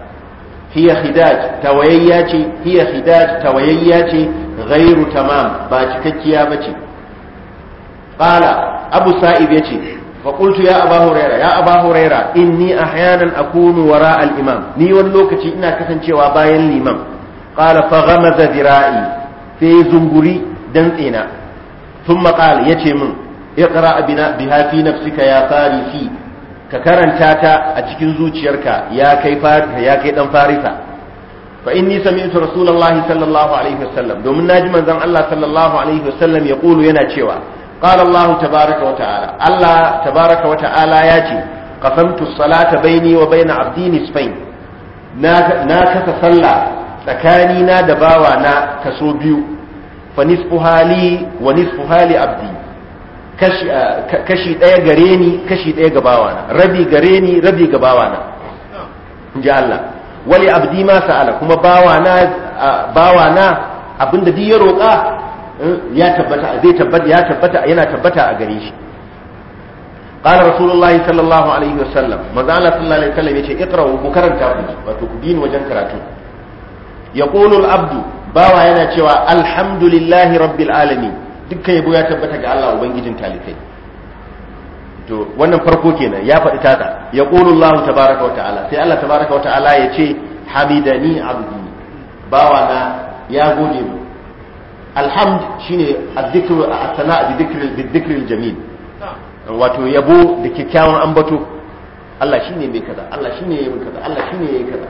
hiya hidaj tawayayya ce hiya hidaj tawayayya ce ghairu tamam ba cikakkiya bace qala abu sa'ib yace fa qultu ya aba huraira ya aba huraira inni wara al imam ni wani lokaci ina kasancewa bayan liman Ƙala fa ghamaza dira'i sai zunguri dan tsina thumma qala yace min اقرأ بنا بها في نفسك يا فارسي ka karanta ta a cikin zuciyarka ya kai ya kai dan farisa fa inni sami'tu rasulullahi sallallahu alaihi wasallam domin naji manzon Allah sallallahu alaihi wasallam ya kulu yana cewa qala Allah tabaaraka wa ta'ala Allah tabaaraka wa ta'ala ya ce qasamtu as-salata baini wa baina 'abdi nisfain na na kasa sallah tsakani na da bawa na kaso biyu fa nisfu hali wa nisfu hali 'abdi kashi ɗaya gare ni kashi ɗaya ga bawana rabi gare ni rabi ga bawana ji Allah wali abdi ma sa'ala kuma bawana bawana abinda duk ya roƙa eh, ya tabbata zai tabbata ya tabbata yana tabbata a gare shi qala rasulullahi sallallahu alaihi wasallam manzo Allah sallallahu alaihi wasallam yace iqra'u ku karanta ku wato ku bi wajen karatu yaqulu abdu bawa yana cewa alhamdulillahi rabbil alamin dukkan yabo ya tabbata ga Allah ubangijin talikai to wannan farko kenan ya faɗi tata ya qulu Allah tabaraka wa ta'ala sai Allah tabaraka wa ta'ala ya ce hamidani abdi na ya gode mu alhamd shine azzikru as-sana bi dhikri bi dhikri jamil wato yabo da kyakkyawan ambato Allah shine mai kaza Allah shine yayi kaza Allah shine yayi kaza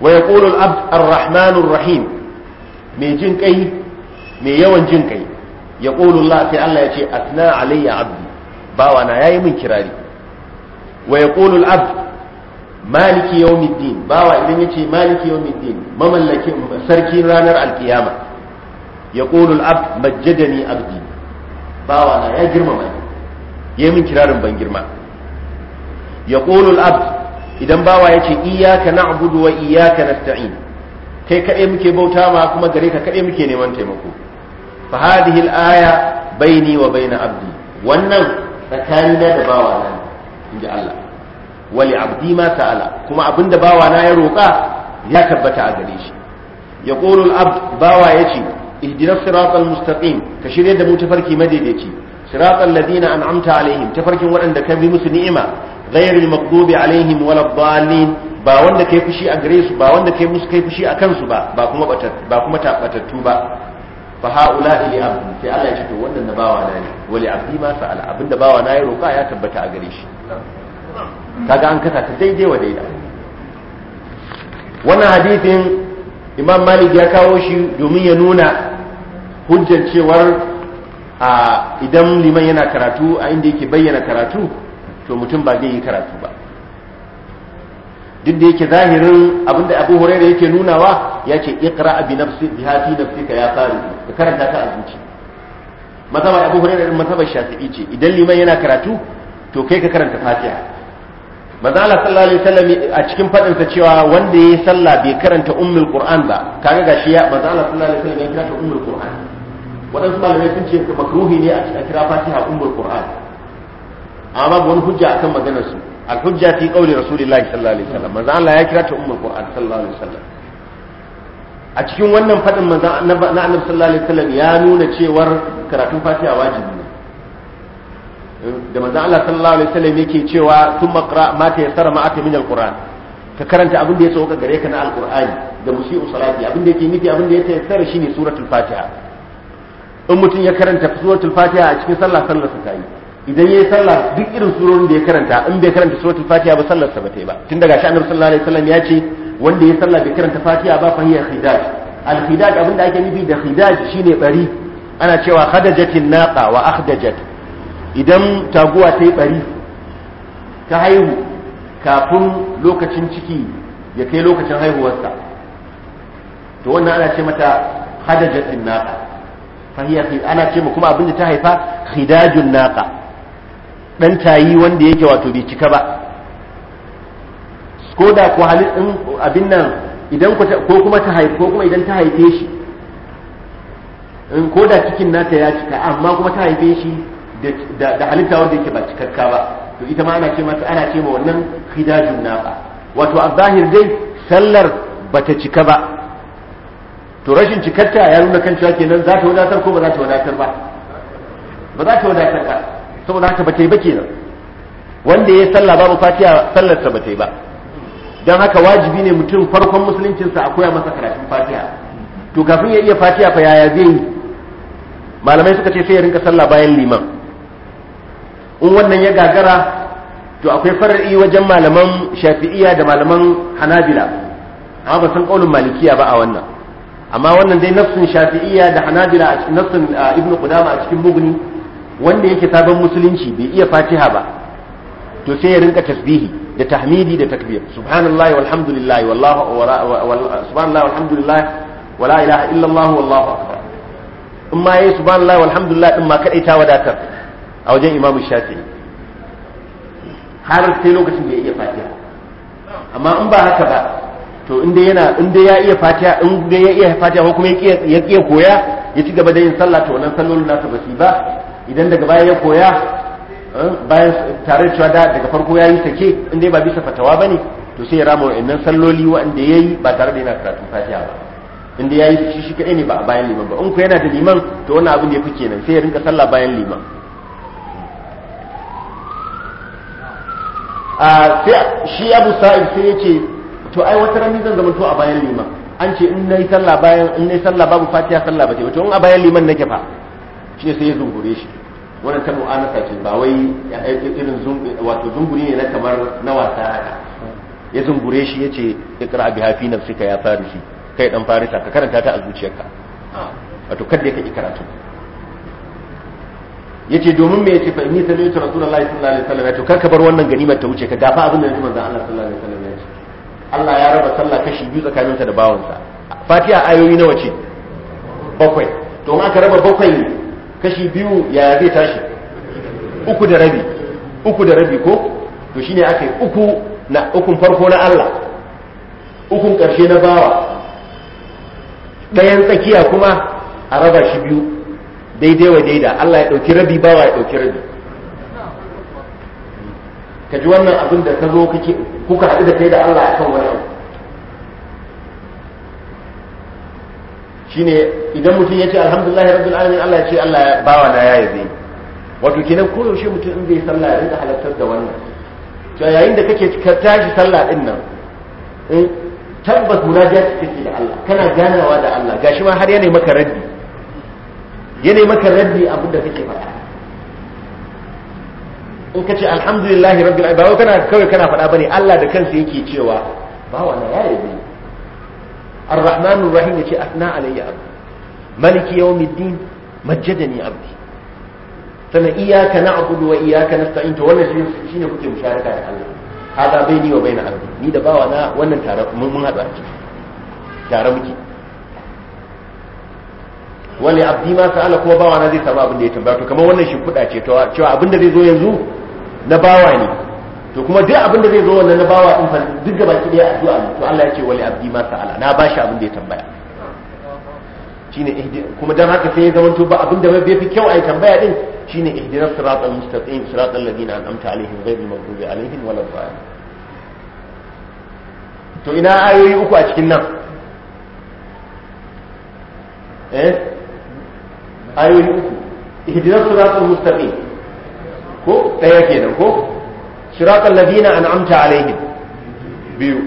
wa yaqulu al-abd ar-rahman ar-rahim mai jin kai mai yawan jin kai ya Allah sai Allah ya ce asna alayya abdi bawa na yayi min kirari wa yaqulu al-abd maliki yawmiddin bawa idan yace maliki yawmiddin mamallakin sarki ranar alkiyama yaqulu al-abd majjadani abdi bawa na ya girmama ni yayi min kirarin ban girma yaqulu al-abd idan bawa yace iyyaka na'budu wa iyyaka nasta'in kai kaɗai muke bauta ma kuma gare ka kaɗai muke neman taimako fa hadhihi al-aya baini wa baina abdi wannan tsakani da bawa na inji Allah wali abdi ma ta'ala kuma abinda bawa na ya roka ya tabbata a gare shi yaqulu abd bawa ya ce, ihdina siratal mustaqim ka shirya da mu tafarki madaidaici siratal ladina an'amta alaihim tafarkin waɗanda ka bi musu ni'ima ghayril maghdubi alaihim waladdallin ba wanda kai a gare su ba wanda kai musu kai fushi a kansu ba ba kuma ba kuma ba fa haula ili abdi sai Allah ya ce to wannan da bawa na ne wali abdi ma sa'ala abinda bawa na ya roka ya tabbata a gare shi kaga an kasa ta daidai wa daida wannan hadisin imam malik ya kawo shi domin ya nuna hujjar cewar a idan liman yana karatu a inda yake bayyana karatu to mutum ba zai yi karatu ba duk da yake zahirin abinda abu huraira yake nunawa ya ce iqra bi nafsi bi hafi nafsika ya faru ka karanta ta a zuci mazhabar abu huraira irin mazhabar shafi'i ce idan liman yana karatu to kai ka karanta fatiha manzo Allah sallallahu alaihi wasallam a cikin fadin sa cewa wanda yayi sallah bai karanta ummul qur'an ba kaga gashi ya manzo Allah sallallahu alaihi wasallam ya karanta ummul qur'an wadansu malamai sun ce makruhi ne a kira fatiha ummul qur'an amma babu wani hujja akan maganar su الحجة في قول رسول الله صلى الله عليه وسلم Allah ya kira ta ummul qur'an sallallahu alaihi wasallam a cikin wannan fadin manzo na annabi sallallahu alaihi wasallam ya nuna cewar karatun fatiha wajibi ne da manzo Allah sallallahu alaihi wasallam yake cewa tun qra ma ta yassara ma ta min alquran quran ka karanta abin da ya sauka gare ka na al-qur'ani da musiu salati abin da yake nufi abin da ya tayassara shine suratul fatiha in mutum ya karanta suratul fatiha a cikin sallah sallar sa ta yi idan yayi sallah duk irin surorin da ya karanta in bai karanta suratul fatiha ba sallar sa ba ta yi ba tun daga shi annabi sallallahu alaihi wasallam ya ce wanda ya sallah bai karanta fatiha ba fa hiya khidaj al khidaj da ake nufi da khidaj shine bari ana cewa khadajatin naqa wa akhdajat idan taguwa ta yi bari ta haihu kafin lokacin ciki ya kai lokacin haihuwarsa to wannan ana ce mata khadajatin naqa hiya ana ce kuma abin da ta haifa khidajun naqa dan tayi wanda yake wato bai cika ba ko da ko halin abin nan idan ko kuma ta haife ko kuma idan ta haife shi in ko da cikin nata ya cika amma kuma ta haife shi da halitta wanda yake ba cikakka ba to ita ma ana ce mata ana ce ma wannan khidajun naqa wato a zahir dai sallar bata cika ba to rashin cikarta ya nuna kan cewa kenan za ta wadatar ko ba za ta wadatar ba ba za ta wadatar ba saboda haka ba ta yi ba kenan wanda ya sallah babu fatiha sallarsa ba ta yi ba don haka wajibi ne mutum farkon musuluncinsa a koya masa karatun fatiha to kafin ya iya fatiha fa yaya zai yi malamai suka ce sai ya rinka sallah bayan liman in wannan ya gagara to akwai far'i wajen malaman shafi'iyya da malaman hanabila amma ba san kaulin malikiya ba a wannan amma wannan dai nafsin shafi'iyya da hanabila a cikin nafsin ibnu qudama a cikin mughni wanda yake sabon musulunci bai iya fatiha ba to sai ya rinka tasbihi da tahmidi da takbir subhanallahi walhamdulillahi wallahu subhanallahi walhamdulillahi wala ilaha illallah wallahu akbar in ma yayi subhanallahi walhamdulillahi din ma kadai ta wadatar a wajen imam shafi'i har sai lokacin da ya iya fatiha amma in ba haka ba to in dai yana in dai ya iya fatiha in dai ya iya fatiha ko kuma ya iya koya ya ci gaba da yin sallah to wannan sallolin nasu ba ba idan daga baya ya koya eh, bayan tare cewa da daga farko ya yi sake inda dai ba bisa fatawa ba ne to sai ya rama wa'annan salloli wa'anda ya yi ba tare da yana karatun fatiha ba inda ya yi shi shi kaɗai ne ba a bayan liman ba in ku yana da liman to wani abu ne ya fi kenan sai ya rinka sallah bayan liman sai shi abu sa'id sai ya ce to ai wata rami zan zama to a bayan liman an ce in nayi sallah bayan in nayi sallah babu fatiha sallah ba ce to in a bayan liman nake fa shi ne sai ya zungure shi wannan ta mu'anasa ce ba wai irin wato zunguri ne na kamar na wasa haka ya zungure shi yace ikra bi hafi nafsika ya farisi kai dan farisa ka karanta ta a zuciyarka wato kada ka yi karatu yace domin me yace fa inni sami'tu rasulullahi sallallahu alaihi wasallam yace karka bar wannan ganimar ta wuce ka gafa abin da yaji manzo Allah sallallahu alaihi wasallam yace Allah ya raba sallah kashi biyu tsakaninta da bawansa fatiha ayoyi nawa ce bakwai to in aka raba bakwai kashi biyu ya zai tashi uku da rabi uku da rabi ko to shine ake uku na ukun farko na Allah ukun karshe na bawa ɗayan tsakiya kuma a raba shi biyu daidai wa daida Allah ya ɗauki rabi bawa ya ɗauki rabi ka ji wannan abin da ka zo kuka haɗu da kai da Allah akan wani abu shine idan mutum ya ce alhamdulillah rabbil alamin Allah ya ce Allah bawa na ya yabe wato kenan ko yaushe mutum in bai sallah ya halartar da wannan to yayin da kake tashi sallah din nan eh, tabbas munajat kake da Allah kana ganawa da Allah gashi ma har yana maka raddi yana maka raddi abinda kake faɗa in ka ce alhamdulillah rabbil alamin ba kana kawai kana faɗa bane Allah da kansa yake cewa bawa na ya yabe ar الرحيم rahim yace علي alayya ملك maliki الدين مجدني abdi sannan iyyaka نعبد wa نستعين nasta'in شيء wannan كنت kuke musharaka da Allah hada baini wa baina abdi ni da na wannan tare mun hada ki tare muke wani abdi ma sa'ala kuma bawa na zai samu abin da ya tambaya to kamar wannan shi kuɗa ce to abin da zai zo yanzu na bawa ne to kuma duk abin da zai zo wannan na bawa in fal duk gaba ki dai addu'a to Allah ya ce wali abdi ma sa'ala na bashi abin da ya tambaya shine kuma dan haka sai ya zama to ba abin da bai fi kyau ai tambaya din shine ihdinas siratal mustaqim siratal ladina an'amta alaihim ghayril maghdubi alaihim waladdallin to ina ayoyi uku a cikin nan eh ayoyi uku ihdinas siratal mustaqim ko ɗaya kenan ko siratal ladina an'amta alaihim biyu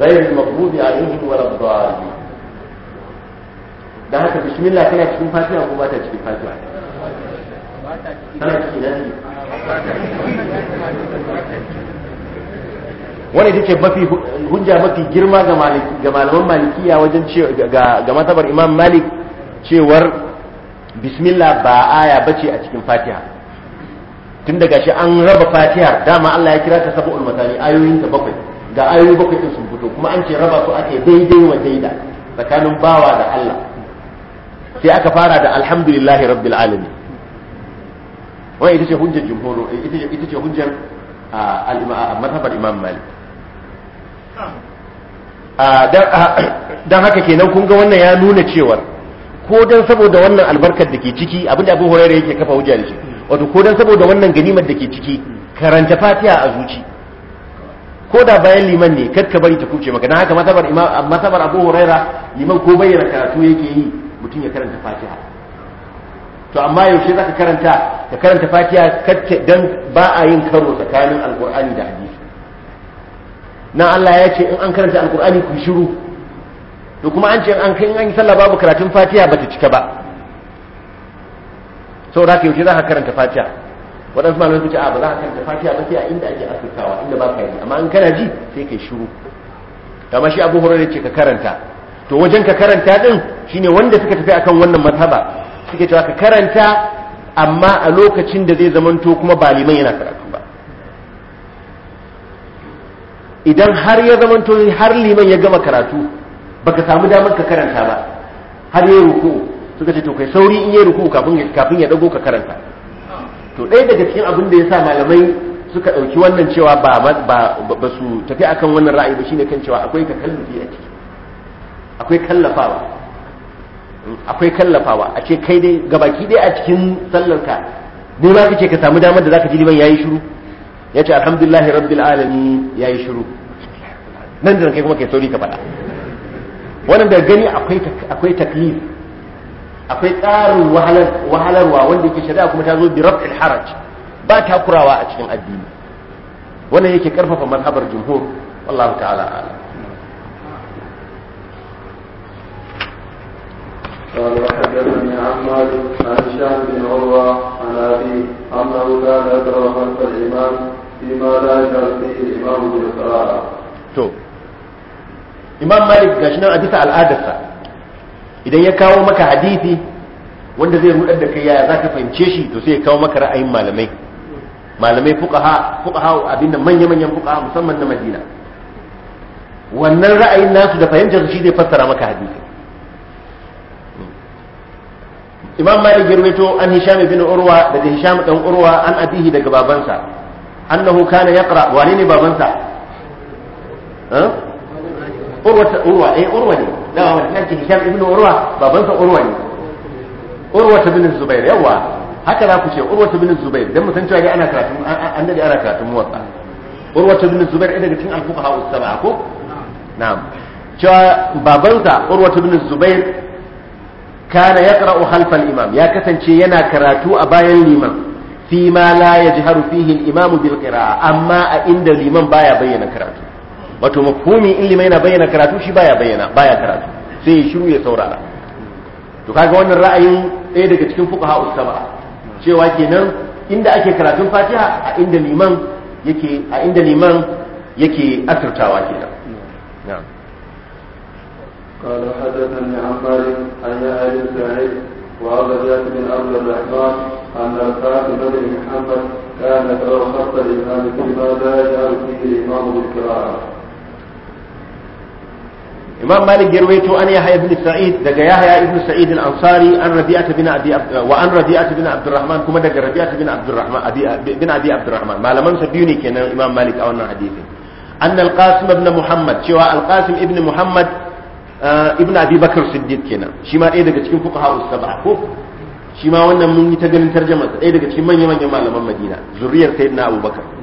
ghayril maghdubi alaihim walad dhalin Da haka bismillah tana cikin fatiha ko ba ta cikin fatiha tana cikin nasi wani ita ce mafi hujja mafi girma ga malaman malikiya wajen ga matabar imam malik cewar bismillah ba aya bace a cikin fatiha tun daga shi an raba fatiha dama Allah ya kira ta sabu ulmatani ayoyin ta bakwai ga ayoyi bakwai din sun fito kuma an ce raba su ake daidai wa daida tsakanin bawa da Allah sai aka fara da alhamdulillahi rabbil alamin wai ita ce hujjar jumhuru ita ce hujjar al-madhhab imam malik dan haka kenan kun ga wannan ya nuna cewar ko dan saboda wannan albarkar da ke ciki abinda abu hurairah yake kafa hujja da shi wato ko dan saboda wannan ganimar da ke ciki karanta fatiha a zuci ko da bayan liman ne kakka bari ta kuce maka dan haka masabar imam matabar abu huraira liman ko bayyana karatu yake yi mutum ya karanta fatiha to amma yaushe zaka karanta ka karanta fatiha kakka dan ba a yin karo tsakanin alqur'ani da hadisi Na Allah ya ce in an karanta alqur'ani ku shiru to kuma an ce an kai an yi sallah babu karatun fatiha ta cika ba saboda haka wuce za ka karanta fatiha waɗansu malamai suka a ba za ka karanta fatiha ba sai a inda ake asirtawa inda ba ka yi amma in kana ji sai yi shiru amma shi abu hurairah ce ka karanta to wajen ka karanta din shine wanda suka tafi akan wannan mazhaba suke cewa ka karanta amma a lokacin da zai zamanto kuma ba liman yana karatu ba idan har ya zamanto har liman ya gama karatu baka samu damar ka karanta ba har ya ruku suka ce to kai sauri in yi ruku kafin ya dago ka karanta to ɗaya daga cikin abin da ya sa malamai suka ɗauki wannan cewa ba ba su tafi akan wannan ra'ayi ba shine kan cewa akwai ka kallafi a ciki akwai kallafawa hmm, akwai kallafawa a ce kai dai gabaki dai a cikin sallarka ne ma kace ka samu damar da zaka ji liman yayi shiru yace ce alhamdulillahi rabbil alamin yayi shiru nan da kai kuma kai sauri ka faɗa wannan da gani akwai akwai taklif akwai tsarin wahalarwa wanda yake shari'a kuma ta zo bi raf'il haraj ba takurawa a cikin addini wannan yake karfafa mazhabar jumhur wallahu ta'ala ala قال وحدثني عن مالك عن هشام بن عروه عن ابيه انه كان يقرا خلف الامام فيما لا يشعر فيه الامام بالقراءه. تو امام مالك قال شنو اديت idan ya kawo maka hadisi wanda zai rudar da kai yaya zaka fahimce shi to sai ya kawo maka ra'ayin malamai malamai fuqaha fuqaha abinda manya manyan fuqaha musamman na Madina wannan ra'ayin nasu da fahimtar shi zai fassara maka hadisi imam malik ya rawaito an hisham ibn urwa daga hisham dan urwa an abihi daga babansa annahu kana yaqra wa ne babansa urwa urwa eh urwa ne da wani kanki Hisham ibn Urwa baban sa Urwa ne Urwa ibn Zubair yawa haka za ku ce Urwa ibn Zubair dan musan cewa ana karatu an dade ana karatu muwatta Urwa ibn Zubair daga cikin al-fuqaha us-sab'a ko na'am cewa baban sa Urwa ibn Zubair kana yaqra'u khalfa al-imam ya kasance yana karatu a bayan liman fi ma la yajharu fihi al-imam bil qira'a amma a inda liman baya bayyana karatu wato mafhumi in limai na bayyana karatu shi baya bayyana baya karatu sai ya shiru ya saurara to kaga wannan ra'ayin ɗaya daga cikin fuqaha usaba cewa kenan inda ake karatun fatiha a inda liman yake a inda liman yake asirtawa kenan na'am قال حدثني عن مالك عن يحيى بن سعيد وعبد بن عبد الرحمن ان القاسم بن محمد كانت له خط الامام فيما لا يجعل فيه الامام بالقراءه imam malik ya rawaito an yahya ibn sa'id daga yahya ibn sa'id al-ansari an rabi'ata bin abi eh, wa an rabi'ata bin abdurrahman kuma daga rabi'ata bin abdurrahman eh, bin abi abdurrahman malaman sa biyu ne kenan imam malik a wannan hadisin an al-qasim ibn muhammad cewa al-qasim ibn muhammad eh, ibn abi bakr siddiq kenan shi ma ɗaya daga cikin fuqaha sab'a ko shi ma wannan mun yi ta ganin tarjama dai daga cikin manyan manyan malaman madina zuriyar sayyidina Bakar.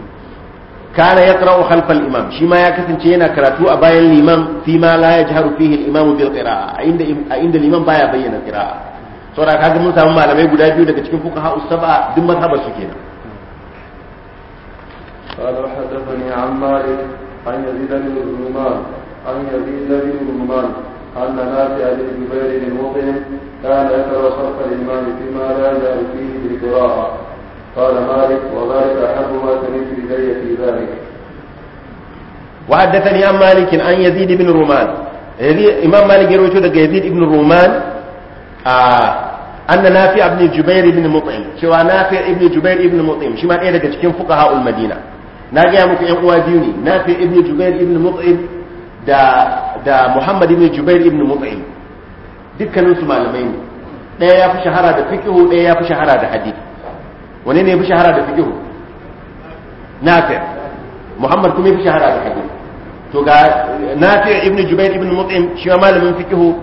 kana yaqra'u khalfa al-imam shi ma ya kasance yana karatu a bayan liman fi ma la yajharu fihi al-imam bil qira'a inda inda liman baya bayyana qira'a da kaga mun samu malamai guda biyu daga cikin fuqaha us duk mazhabar su kenan قال حدثني عن مالك عن يزيد بن الرمان عن يزيد بن الرمان أن نافع بن جبير كان يقرأ خلف الإمام فيما لا يجهر فيه قال مالك وذلك أحب ما سمعت إلي في ذلك وحدثني عن مالك عن يزيد بن رومان إمام مالك يروي شو يزيد بن رومان آه أن نافع بن جبير بن مطعم شو نافع بن جبير بن مطعم شو ما إيه لك كم فقهاء المدينة ناقيا أمك أن واديوني نافع بن جبير بن مطعم دا دا محمد بن جبير بن مطعم dukkanin su malamai ne ɗaya ya fi shahara da fiqhu ɗaya ya fi Wani ne ya fi shahara da fikihu nafi muhammad kuma ya fi shahara da hadith to ga nafi ibn jubair ibn mut'im shi malamin fikihu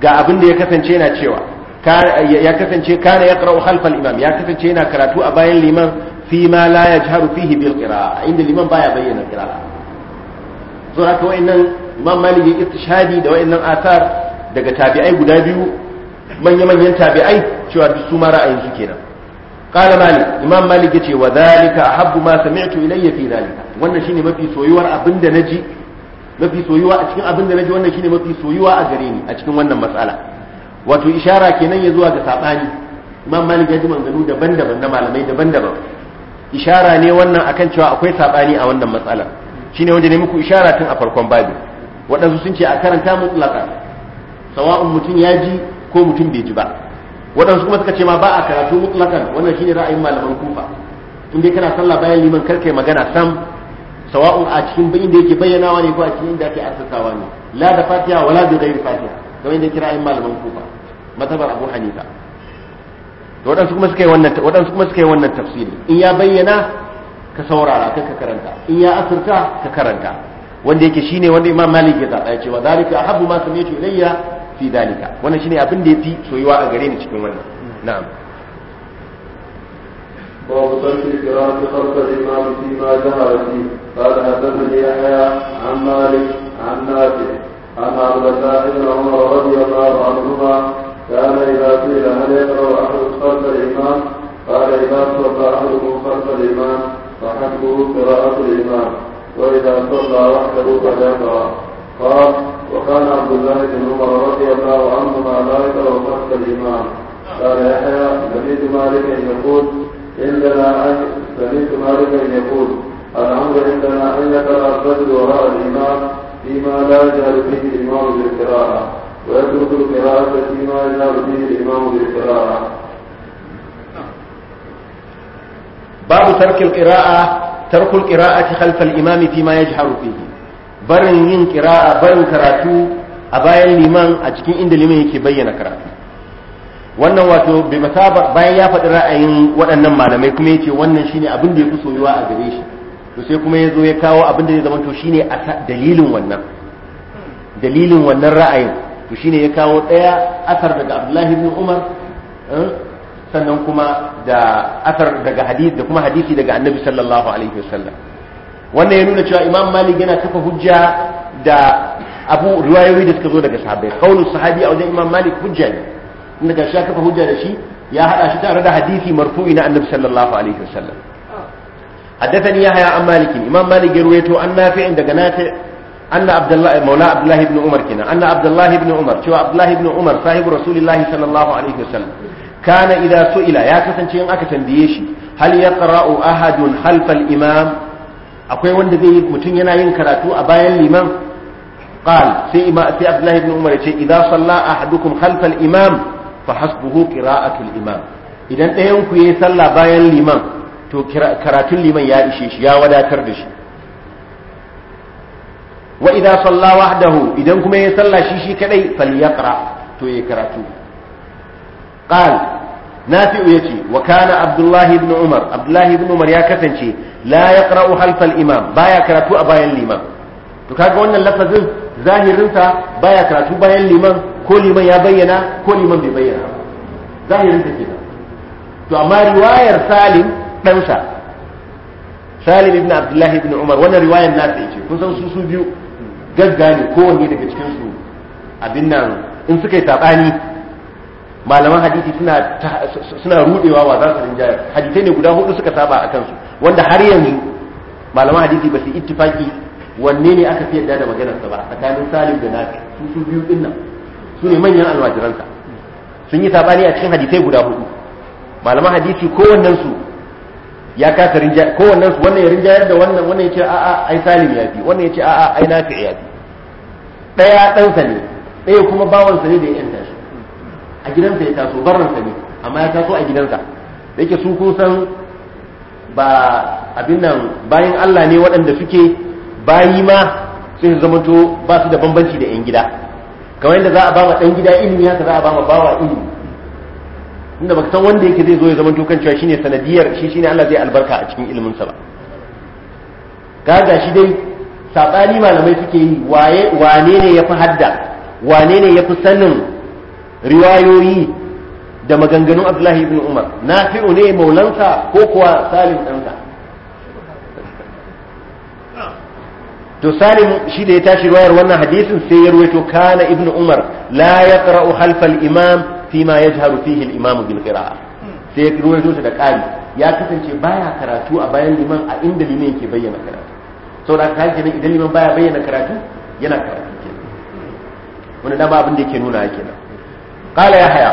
ga abin da ya kasance yana cewa ya kasance kana yaqra'u khalf al-imam ya kasance yana karatu a bayan liman fi ma la yajharu fihi bil qira'a inda liman baya bayyana qira'a to haka wayannan imam malik ya istishhadi da wayannan athar daga tabi'ai guda biyu manya-manyan tabi'ai cewa duk su ma ra'ayin su kenan qala malik imam malik yace wa dhalika ahabbu ma sami'tu ilayya fi dhalika wannan shine mafi soyuwar abinda naji mafi soyuwa a cikin abinda naji wannan shine mafi soyuwa a gare ni a cikin wannan matsala wato ishara kenan ya zuwa ga sabani imam malik ya ji manganu daban-daban na malamai daban-daban ishara ne wannan akan cewa akwai sabani a wannan matsalar shine wanda ne muku ishara tun a farkon babu waɗansu sun ce a karanta mutlaka sawa'un mutum ya ji ko mutum bai ji ba waɗansu kuma suka ce ma ba a karatu mutlakan wannan shine ra'ayin malaman kufa in dai kana sallah bayan liman karkai magana sam sawa'un a cikin bayin da yake bayyanawa ne ko a cikin inda ake asasawa ne la da fatiha wala da ghairi fatiha kamar inda kira malaman kufa matabar abu hanifa to waɗansu kuma suka yi wannan waɗansu kuma suka yi wannan tafsiri in ya bayyana ka saurara kan ka karanta in ya asirta ka karanta wanda yake shine wanda imam malik ya zaba ya ce wa zalika ahabu ma shi ilayya fi dalika wannan shine abin da yafi soyuwa a gare ni cikin wannan na'am باب ترك القراءة خلف الإمام فيما ظهر فيه قال حدثني إذا صلى أحدكم خلف الإمام قال وكان عبد الله بن عمر رضي الله عنهما لا لو خلف الامام قال يحيى سمعت ان يقول عندنا ان مالك ان يقول الامر عندنا ان يقرا الرجل وراء الامام فيما لا يجهل فيه الامام بالقراءه ويترك القراءه فيما يجهل فيه الامام بالقراءه باب ترك القراءة ترك القراءة خلف الإمام فيما يجهر فيه barin yin kira'a barin karatu a bayan liman a cikin inda liman yake bayyana karatu wannan wato bai mata bayan ya faɗi ra'ayin waɗannan malamai kuma ya ce wannan shine abin da ya fi soyuwa a gare shi to sai kuma ya zo ya kawo abin da zai zama to shine a dalilin wannan dalilin wannan ra'ayin to shine ya kawo ɗaya asar daga Abdullahi ibn Umar eh, sannan kuma da asar daga hadisi da kuma hadisi daga Annabi sallallahu alaihi wasallam wannan ya nuna cewa imam malik yana kafa hujja da abu riwayoyi da suka zo daga sahabbai kaulu sahabi a wajen imam malik hujja ne inda ga shi kafa hujja da shi ya hada shi tare da hadisi marfu'i na annabi sallallahu alaihi wasallam حدثني يحيى عن مالك امام مالك رويته عن نافع عند نافع ان عبد الله مولى عبد الله بن عمر كنا ان عبد الله بن عمر شو عبد الله بن عمر صاحب رسول الله صلى الله عليه وسلم كان اذا سئل يا كسنتي ان aka tambaye shi ya yaqra'u ahadun khalf imam akwai wanda zai yi mutum yana yin karatu a bayan liman qal sai ima sai abdullahi ibn umar yace idza salla ahadukum khalfa al-imam fa hasbuhu qira'atu al-imam idan ɗayan ku yayi sallah bayan liman to karatun liman ya ishe shi ya wadatar da shi wa idza salla wahdahu idan kuma yayi sallah shi shi kadai falyaqra to yayi karatu qal nafi'u yace wa kana abdullahi ibn umar abdullahi ibn umar ya kasance la yaqra'u halfal imam baya karatu a bayan liman to kaga wannan lafazin zahirinsa baya karatu bayan liman ko liman ya bayyana ko liman bai bayyana zahirinsa kenan to amma riwayar salim sa salim ibn abdullahi ibn umar wannan riwayar nasa ce kun san su su biyu gaggane wani daga cikin su abin nan in suka yi tabani malaman hadisi suna suna rudewa wa za su rinjaya hadisai ne guda hudu suka saba a kansu wanda har yanzu malaman hadisi ba su ittifaki wanne ne aka fi yadda da maganar sa ba tsakanin salim da nafi su su biyu din nan su ne manyan almajiransa sun yi sabani a cikin hadisai guda hudu malaman hadisi kowannen su ya kasa rinjaya kowannen su wannan ya rinjayar da wannan wannan yace a'a ai salim ya fi wannan yace a'a ai nafi ya fi daya dan sa ne daya kuma bawansa ne da ya yanta a gidansa ya taso barransa ne amma ya taso a gidansa da yake su kun san ba abin nan bayan Allah ne waɗanda suke bayi ma sai su zamanto ba su da bambanci da 'yan gida kamar yadda za a ba wa ɗan gida ilimi haka za a ba wa bawa ilimi inda baka san wanda yake zai zo ya zamanto kan cewa shine sanadiyar shi shine Allah zai albarka a cikin ilimin sa ba ga shi dai sabani malamai suke yi waye wane ne yafi hadda wane ne yafi sanin riwayoyi da maganganun abdullahi ibn umar na fi ne maulansa ko kuwa salim ɗansa to salim shi da ya tashi riwayar wannan hadisin sai ya ruwaito kana ibn umar la yaqra'u ƙara'u al-imam fi ma ya jiharu fihil imam bil qira'a sai ya ruwaito shi da ƙari ya kasance baya karatu a bayan liman a inda liman yake bayyana karatu da ka kenan idan liman baya bayyana karatu yana karatu kenan wani dama abin da yake nuna kenan qala yahya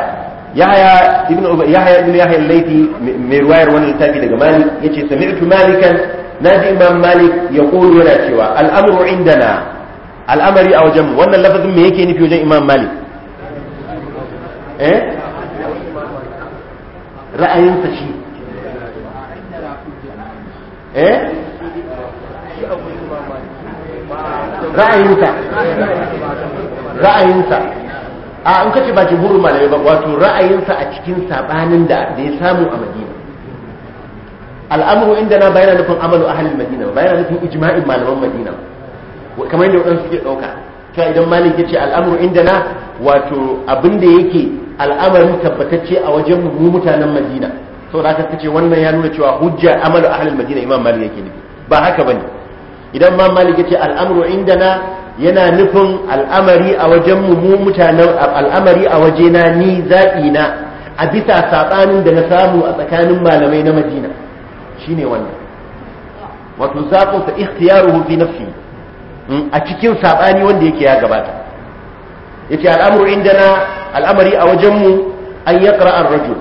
yahya ibn yahya ibn yahya al-laythi mai ruwayar wani littafi daga malik yace sami'tu malikan naji imam malik yaqulu yana cewa al indana al'amari a wajen wannan lafazin me yake nufi wajen imam malik ra'ayinsa shi a in kace ba jumhurin malamai ba wato ra'ayinsa a cikin sabanin da da ya samu a madina al'amuru inda na bayyana nufin amalu halin madina ba yana nufin ijma'in malaman madina kamar yadda wadansu suke dauka to idan malik yace al'amuru inda na wato abin da yake al'amarin tabbatacce a wajen mu mutanen madina saboda haka kace wannan ya nuna cewa hujja amalu halin madina imam malik yake nufi ba haka bane idan ma malik yace al'amuru inda na yana nufin al'amari a wajen mu mutanen al'amari a wajena ni zaɓi na a bisa saɓanin da na samu a tsakanin malamai na madina shine wannan wato zaɓinsa ikhtiyaruhu fi nafsi hmm, a cikin saɓani wanda yake ya gabata yace inda indana al'amari a wajen mu an yaqra ar-rajul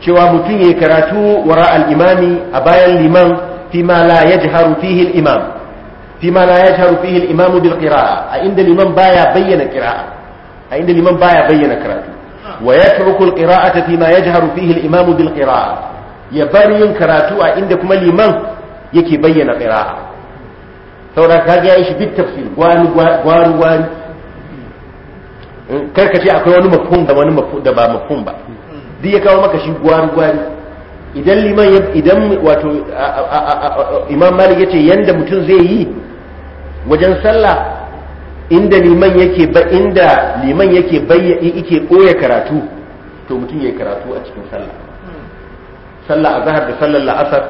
cewa mutum yayi karatu wara al-imami a bayan liman fi ma la yajharu fihi al-imam fi ma la yashharu imam bil a inda liman baya bayyana qira'a a inda liman baya bayyana karatu wa yatruku al-qira'ata fi ma yajharu fihi imam bil ya bari yin karatu a inda kuma liman yake bayyana gwari gwari kar ka ce akwai wani mafhum da wani da ba mafhum ba duk ya kawo maka shi gwari gwari idan liman idan wato imam malik yace yanda mutum zai yi wajen sallah inda liman yake ba inda liman yake bayyana yake koya karatu to mutum yayi karatu a cikin sallah sallah azhar da sallar la'asar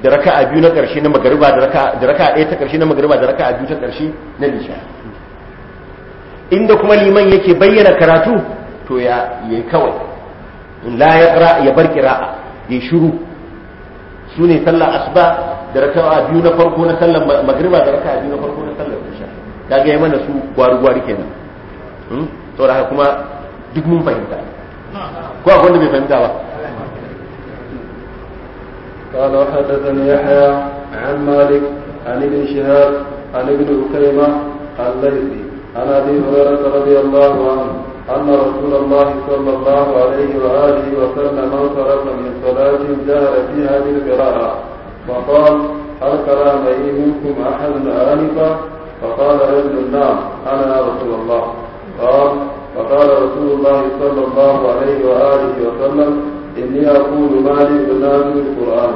da raka'a biyu na karshe na magariba da raka'a da raka'a ɗaya ta karshe na magariba da raka'a biyu ta karshe na isha inda kuma liman yake bayyana karatu to ya yayi kawai in la yaqra ya bar qira'a ya shiru sune sallar asuba da raka'a biyu na farko na sallar magariba da raka'a biyu na farko kaga ya mana su gwari-gwari kenan to hmm? da kuma duk mun fahimta ko akwai wanda bai fahimta ba قال حدثني يحيى عن مالك عن ابن شهاب عن ابن أكيمة الليثي عن أبي هريرة رضي الله عنه أن رسول الله صلى الله عليه وآله وسلم انصرف من صلاة جهر فيها بالقراءة فقال هل قرأ منكم أحد آنفا فقال رجل نعم أنا يا رسول الله قال فقال رسول الله صلى الله عليه وآله وسلم إني أقول ما لي بنازل القرآن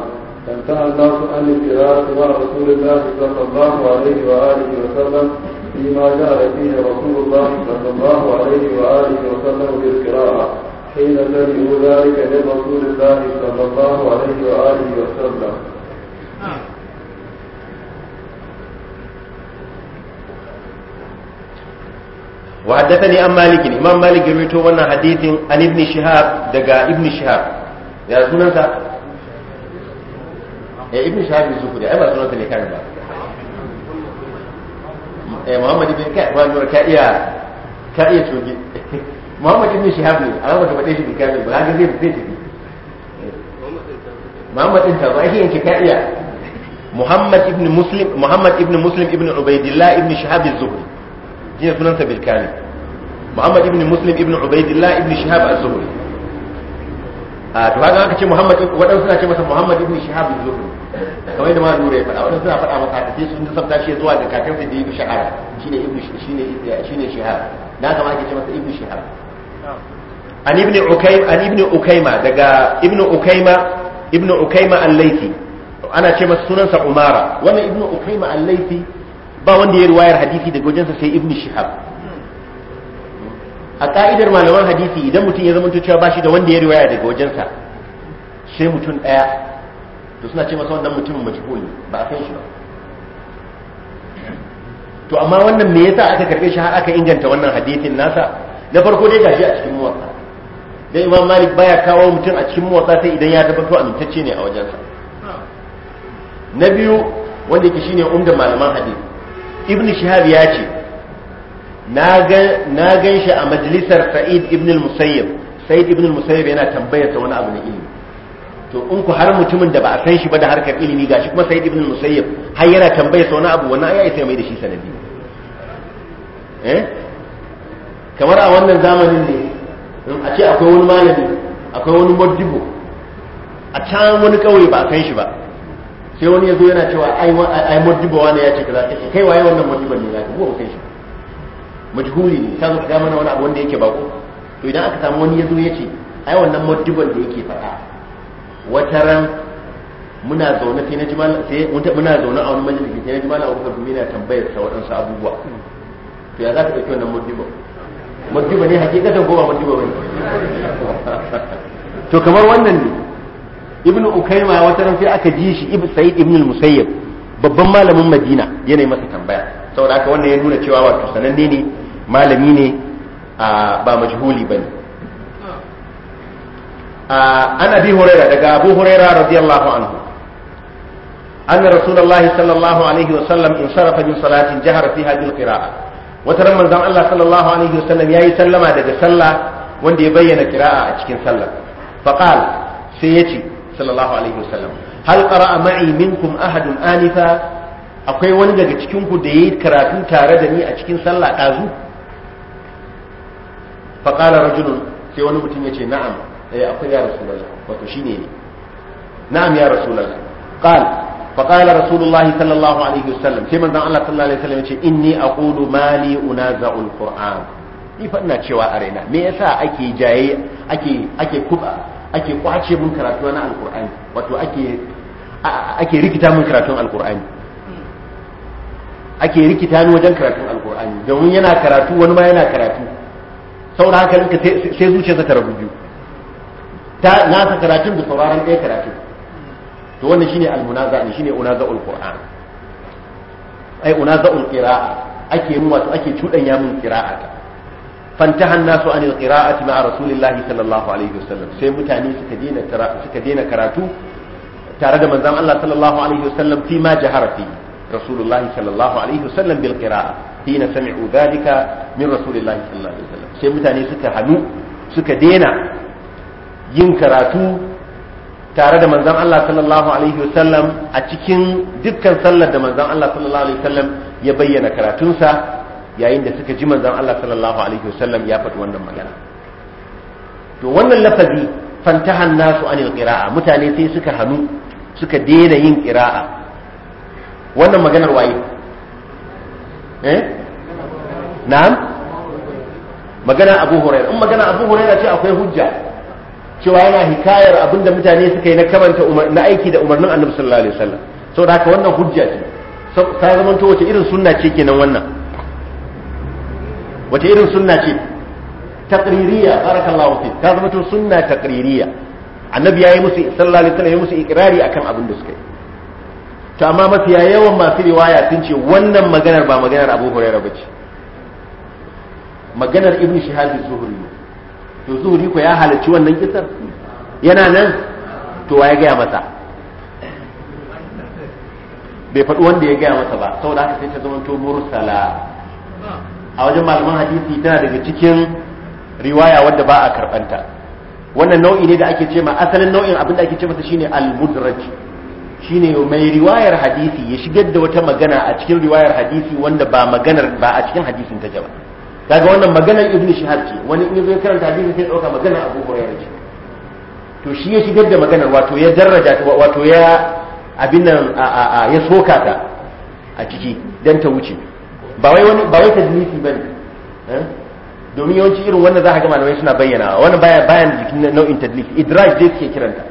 فانتهى الناس عن القراءة مع رسول الله صلى الله عليه وآله وسلم فيما جاء فيه رسول الله صلى الله عليه وآله وسلم بالقراءة حين سمعوا ذلك لرسول الله صلى الله عليه وآله وسلم. نعم. وحدثني عن مالك امام مالك رويته وانا حديث عن ابن شهاب دقا ابن شهاب يا سننسا يا ابن شهاب الزهري اي ما سننسا اللي كان بقى محمد بن كعب وانا كائيا كائيا توجي محمد بن شهاب ne a rama da shi bin kamil ba ga zai zai tafi Muhammad din tazo ake yanke ka iya Muhammad ibn Muslim Muhammad ibn Muslim ibn Ubaidillah ibn Shahab az-Zuhri shine sunansa bilkani muhammad ibn muslim ibn ubaidillah ibn shihab az-zuhri a to haka aka ce muhammad waɗansu suna ce masa muhammad ibn shihab az-zuhri kamar yadda ma nura ya faɗa waɗansu suna faɗa masa haka sai sun sabta shi zuwa ga kakansa da ibn shahara shine ibn shine shine shihab na kama ake ce masa ibn shihab an ibn ukaima an ibn ukaima daga ibn ukaima ibn ukaima al-laythi ana ce masa sa umara wannan ibn ukaima al-laythi ba wanda ya riwayar hadisi daga wajensa sai ibn shihab a ka'idar malaman hadisi idan mutum ya zamanto cewa bashi da wanda ya riwaya daga wajensa sai mutum daya to suna ce masa wannan mutumin majhul ba a san shi ba to amma wannan me yasa aka karbe shi har aka inganta wannan hadisin nasa na farko dai gashi a cikin muwatta dan imam malik baya kawo mutum a cikin muwatta sai idan ya tabbato amintacce ne a wajensa na biyu wanda yake shine umdar malaman hadisi ibn shihab ya ce na gan shi a majalisar sa'id ibn al-musayyib sa'id ibn al-musayyib yana tambayar ta wani abu na ilimi to in ku har mutumin da ba a san shi ba da harkar ilimi gashi kuma sa'id ibn al-musayyib har yana tambayar sa wani abu wannan ayi sai mai da shi sanadi eh kamar a wannan zamanin ne a ce akwai wani malami akwai wani modibo a can wani kauye ba a san shi ba sai wani ya zo yana cewa ai modibo wani ya ce kaza kace kai waye wannan modibo ne zaka ko kai shi majhuli ne ka zo ka mana wani abu wanda yake bako to idan aka samu wani ya zo ya ce ai wannan modibon da yake faɗa ran muna zaune sai na ji malam sai muna zaune a wani majalisi sai na ji malam Abubakar Dumi yana tambayar sa waɗansu abubuwa to ya za ka ɗauki wannan modibo modibo ne hakikatan ko ba modibo ne to kamar wannan ne ibnu ukaima wata ran sai aka ji shi ibn Said ibn al babban malamin madina yana masa tambaya saboda haka wannan ya nuna cewa wato sananne ne malami ne ba majhuli bane Ana bi huraira daga abu huraira radiyallahu anhu anna rasulullahi sallallahu alaihi wa sallam in sarafa min salatin jahara fi hadhihi al-qira'a wata ran manzon Allah sallallahu alaihi wa sallam yayi sallama daga sallah wanda ya bayyana qira'a a cikin sallah faqala sai yace sallallahu alaihi wasallam hal qara'a ma'i minkum ahadun anifa akwai wani daga cikin ku da yi karatu tare da ni a cikin sallah dazu fa qala rajulun sai wani mutum yace na'am eh akwai ya rasulullah wato shine ne na'am ya rasulullah qala fa qala rasulullah sallallahu alaihi wasallam sai manzon Allah sallallahu alaihi wasallam yace inni aqulu mali unaza'ul qur'an ni fa ina cewa a me yasa ake jaye ake ake kuba ake kwace mun karatu na alkur'ani wato ake ake rikita mun karatun alkur'ani ake rikita ni wajen karatun alkur'ani domin yana karatu wani ma yana karatu saboda haka rinka sai za ta rabu biyu ta nasa karatun da sauraron ɗaya karatun to wannan shine almunaza ne shine unaza qur'an ai unaza alqira'a ake mu wato ake cudanya mun qira'a fantaha nasu an alqira'ati ma'a rasulillahi sallallahu alaihi wasallam sai mutane suka dena karatu tare da manzon Allah sallallahu alaihi wasallam fi ma jahara fi rasulullahi sallallahu alaihi wasallam bil qira'a hina sami'u dhalika min rasulillahi sallallahu alaihi wasallam sai mutane suka hanu suka daina yin karatu tare da manzon Allah sallallahu alaihi wasallam a cikin dukkan sallar da manzon Allah sallallahu alaihi wasallam ya bayyana karatunsa yayin da suka ji manzon Allah sallallahu alaihi wasallam ya faɗi wannan magana to wannan lafazi fantahan nasu anil qira'a mutane sai suka hanu suka daina yin qira'a wannan maganar waye eh na'am magana Abu Hurairah in magana Abu Hurairah ce akwai hujja cewa yana hikayar abinda mutane suka yi na kamanta na aiki da umarnin Annabi sallallahu alaihi wasallam saboda haka wannan hujja ce ta zama to wace irin sunna ce kenan wannan wata irin sunna ce takririya barakallahu fi ka zama to sunna taqririya annabi yayi musu sallallahu alaihi wasallam musu ikrari akan abin da suka yi to amma mafiya yawan masu riwaya sun ce wannan maganar ba maganar Abu Hurairah bace maganar Ibn Shihab Zuhri to Zuhri ko ya halarci wannan kisar yana nan to ya gaya masa bai faɗi wanda ya gaya masa ba saboda haka sai ta zama to mursala a wajen malaman hadisi tana daga cikin riwaya wadda ba a karbanta wannan nau'i ne da ake ce ma asalin nau'in abin da ake ce masa shine al-mudraj shine mai riwayar hadisi ya shigar da wata magana a cikin riwayar hadisi wanda ba maganar ba a cikin hadisin take ba kaga wannan maganar ibn shihab ce wani in zai karanta hadisi sai dauka magana abu hurairah ce to shi ya shigar da maganar wato ya daraja wato ya abin nan ya soka ta a ciki dan ta wuce ba wai wani ba wai tadlisi bane eh? domin yawanci irin wannan za ka ga malamai suna bayyana wannan baya bayan jikin nau'in tadlis idraj dai suke kiranta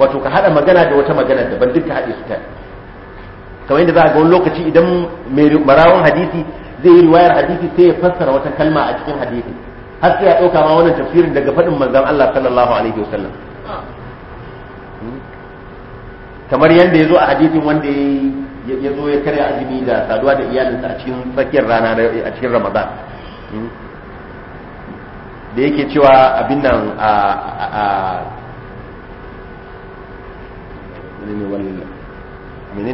wato ka hada magana da wata magana ban duka hade su ta kamar yadda za ga wani lokaci idan marawun hadisi zai yi riwayar hadisi sai ya fassara wata kalma a cikin hadisi har sai ya dauka ma wannan tafsirin daga fadin manzon Allah sallallahu alaihi wasallam hmm? kamar yadda ya zo a hadisin wanda ya ya zo ya karya azumi da saduwa da iyalinsa a cikin tsakiyar rana a cikin ramadan hmm? da yake cewa abin nan a menene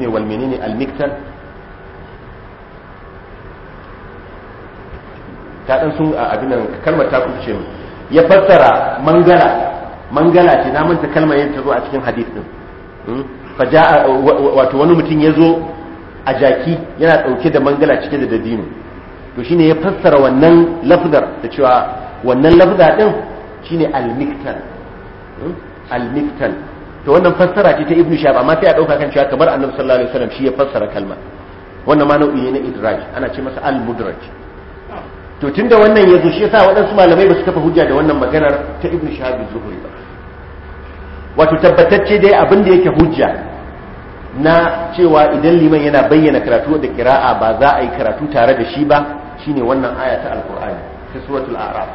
wal menene al-miktar ta dan sun abin nan kalmar ta kuce mu ya fassara mangala mangala ce na manta kalmar yadda ta zo a cikin hadith din hmm? wato wani mutum ya zo a jaki yana ɗauke da mangala cike da dabino to shine ya fassara wannan lafdar da cewa wannan lafda din shine al-miktal hmm? al-miktal to wannan fassara ce ta ibn shahab amma sai a dauka kan cewa kamar annabi sallallahu alaihi wasallam shi ya fassara kalma wannan ma nau'i ne na idraj ana ce masa al-mudraj to tunda wannan yazo shi yasa waɗansu malamai ba su kafa hujja da wannan maganar ta ibn shahab zuhri ba wato tabbatacce dai abin da yake hujja na cewa idan liman yana bayyana karatu da kira'a ba za a yi karatu tare da shi ba shine wannan aya ta alqur'ani ta suratul a'raf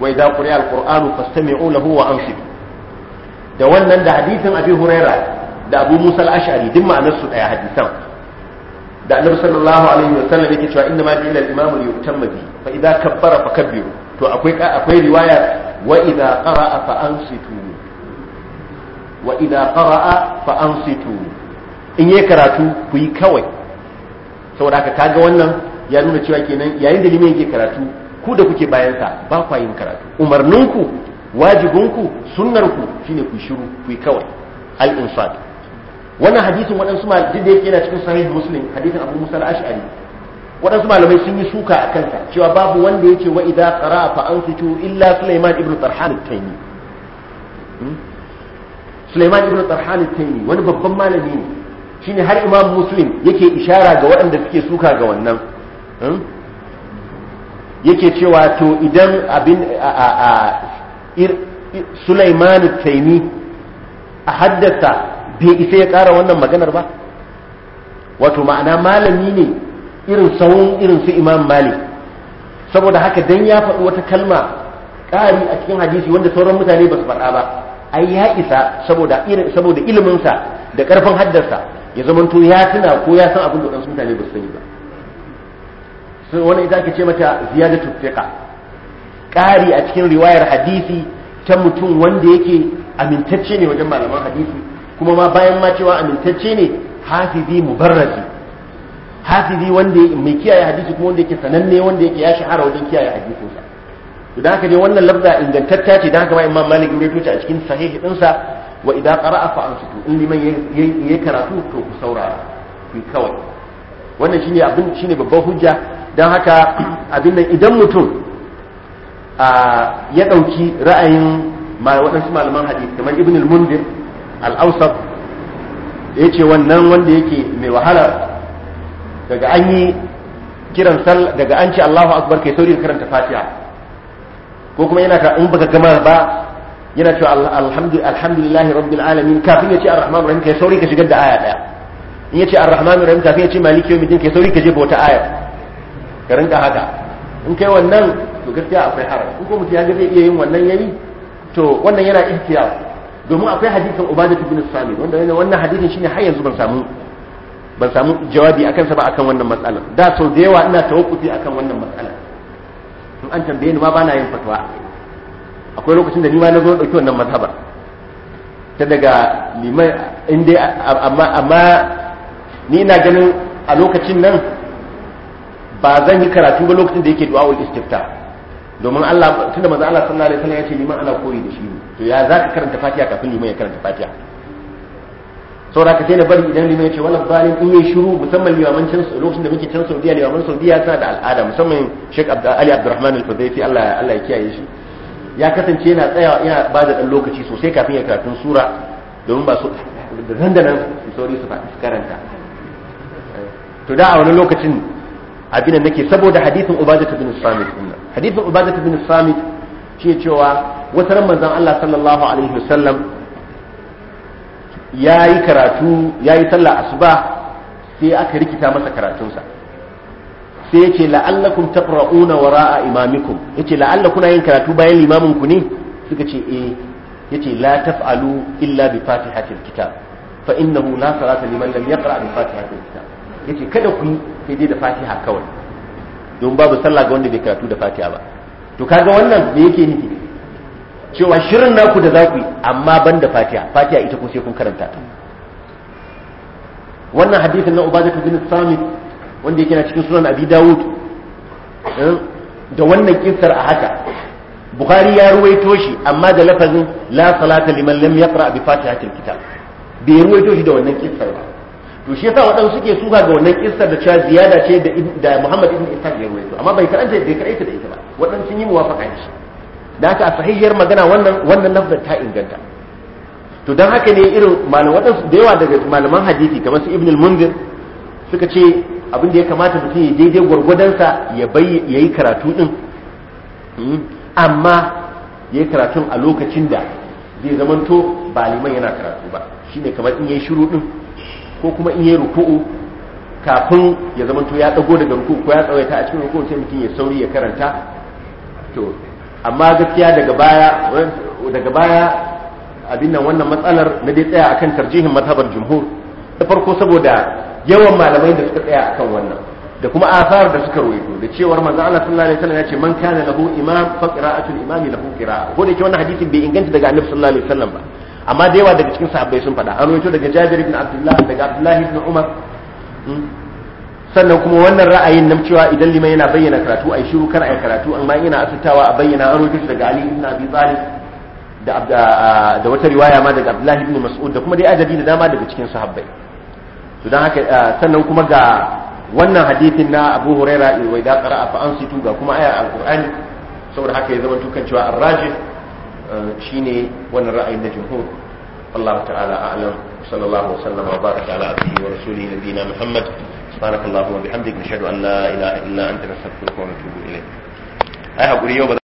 wa idza quri'a alqur'anu fastami'u lahu wa ansitu da wannan da hadisin abi huraira da abu musa al-ash'ari duk ma'anar su daya hadisan da annabi sallallahu alaihi wasallam yake cewa inna ma ila al-imam al-yutamma bi fa idza kabbara fakabbiru to akwai akwai riwaya wa idza qara'a fa ansitu wa idza qara'a fa ansitu in yi karatu ku yi kawai saboda ka kaga wannan ya nuna cewa kenan yayin da limin yake karatu ku da kuke bayan sa ba kwa yin karatu umarninku wajibinku sunnarku shine ku shiru ku yi kawai al insad wannan hadisin waɗansu malamai da yake yana cikin sahih muslim hadisin abu musa al-ash'ari waɗansu malamai sun yi suka a kansa cewa babu wanda yake wa idza qara'a fa ansitu illa sulaiman ibnu tarhan at-taymi hmm? Suleiman ibn Tarhan al-Taymi wani babban malami ne shine har Imam Muslim yake ishara ga waɗanda suke suka ga wannan hmm? yake cewa to idan abin a Sulaiman al-Taymi a haddasa bai isa ya ƙara wannan maganar ba wato ma'ana malami ne irin sawun irin su Imam Malik saboda haka dan ya faɗi wata kalma ƙari a cikin hadisi wanda sauran mutane ba su faɗa ba ai ya isa saboda saboda sa da karfin haddarsa ya zamanto ya tuna ko ya san abin da wadansu mutane ba su sani ba sun wani ita ake ce mata ziyada tuffiqa ƙari a cikin riwayar hadisi ta mutum wanda yake amintacce ne wajen malaman hadisi kuma ma bayan ma cewa amintacce ne hafizi mubarrazi hafizi wanda mai kiyaye hadisi kuma wanda yake sananne wanda yake ya shahara wajen kiyaye hadisinsa idan haka dai wannan labda ingantacciya ce da haka ma imam malik ne toce a cikin sahihi dinsa wa idan qara'a fa ansutu in liman yayi karatu to ku saurara ku kawai wannan shine abin shine babban hujja dan haka abin nan idan mutum a ya dauki ra'ayin ma waɗansu malaman hadisi kamar ibn al-mundir al-awsat yace wannan wanda yake mai wahala daga an yi kiran sallah daga an ce Allahu akbar kai sauri karanta Fatiha ko kuma yana ka in baka gama ba yana cewa alhamdulillahi rabbil alamin kafin ya ce arrahmanir rahim kai sauri ka shigar da aya daya in ya ce arrahmanir rahim kafin ya ce maliki din kai sauri ka ba wata aya ka rinka haka in kai wannan to gaskiya akwai haram in ko mutum ya ga zai iya yin wannan yayi to wannan yana ihtiyar domin akwai hadisin ubadah ibn samit wanda wannan hadisin shine har yanzu ban samu ban samu jawabi akan sa ba akan wannan matsalar da sau da yawa ina tawakkufi akan wannan matsalar in an tambaye ni ma bana yin fatwa akwai lokacin da ni ma na zo dauki wannan mazhabar ta daga liman in dai amma amma ni ina ganin a lokacin nan ba zan yi karatu ba lokacin da yake du'a'ul istifta domin Allah tunda manzo Allah sallallahu alaihi wasallam ya ce liman ana koyi da shi to ya zaka karanta Fatiha kafin liman ya karanta Fatiha saura ka sai na bari idan limai ce wannan zalim in yi shiru musamman limaman can lokacin da muke can saudiya limaman saudiya suna da al'ada musamman shek ali abdurrahman al fazaifi allah ya kiyaye shi ya kasance yana tsayawa yana ba da dan lokaci sosai kafin ya karatun sura domin ba su da nan da nan su sauri su faɗi karanta to da a wani lokacin abinan nake saboda hadithin ubadatu bin samit hadithin ubadatu bin samit shi cewa wata ran manzon Allah sallallahu alaihi wasallam ya yi karatu ya yi sallah asuba sai aka rikita masa karatunsa sai ya ce la'allakum taqra'una wara'a imamikum ya ce la'alla yin karatu bayan limamin ku ne suka ce eh ya ce la taf'alu illa bi fatihatil kitab fa innahu la salata liman lam yaqra bi fatihatil kitab ya ce kada ku sai dai da fatiha kawai don babu sallah ga wanda bai karatu da fatiha ba to kaga wannan me yake nufi cewa shirin naku da za yi amma ban da fatiha fatiha ita ko sai kun karanta ta wannan hadisin na ubadatu bin samit wanda yake na cikin sunan abi dawud eh, da wannan kissar a haka bukhari ya ruwaito shi amma da lafazin la salata liman lam yaqra bi fatihatil kitab bai ruwaito shi da wannan kissar ba to shi yasa waɗansu suke suka ga wannan kissar da cewa ziyada ce da Muhammad ibn isa ya ruwaito amma bai karanta bai karaita da ita ba waɗansu sun yi muwafaqa shi da haka a sahihiyar magana wannan wannan lafzar ta inganta to dan haka ne irin malaman waɗansu da yawa daga malaman hadisi kamar su ibn al-mundir suka ce abin da ya kamata mutum ya daidai sa ya yi karatu din hmm? amma ya karatu a lokacin da zai zamanto ba liman yana karatu ba shine kamar in yayi shiru din ko kuma in yayi ruku'u kafin ya zamanto ya dago daga ruku'u ko ya tsawaita a cikin ruku'u sai mutum ya sauri ya karanta to amma gaskiya daga baya daga baya abin nan wannan matsalar na dai tsaya akan tarjihin mazhabar jumhur da farko saboda yawan malamai da suka tsaya akan wannan da kuma asar da suka rawaito da cewar manzo Allah sallallahu alaihi wasallam ya ce man kana lahu imam fa qira'atul imam lahu qira'a ko da yake wannan hadisin bai inganta daga Annabi sallallahu alaihi wasallam ba amma da yawa daga cikin sahabbai sun faɗa an rawaito daga Jabir ibn Abdullah daga Abdullah ibn Umar hmm? sannan kuma wannan ra'ayin nan cewa idan liman yana bayyana karatu a shiru kar ai karatu amma yana asutawa a bayyana an rubuta daga Ali ibn Abi Talib da da wata riwaya ma daga Abdullah ibn Mas'ud da kuma dai ajabi da dama daga cikin sahabbai to dan haka sannan kuma ga wannan hadithin na Abu Huraira wa idza qara'a fa ansitu ga kuma aya qurani saboda haka ya zama tukan cewa ar-rajih shine wannan ra'ayin na jumhur Allah ta'ala a'lam sallallahu alaihi wa sallam wa baraka ala wa rasulihi nabiyina Muhammad سبحانك اللهم وبحمدك نشهد ان لا اله الا انت نستغفرك ونتوب اليك اي حقوري يوبا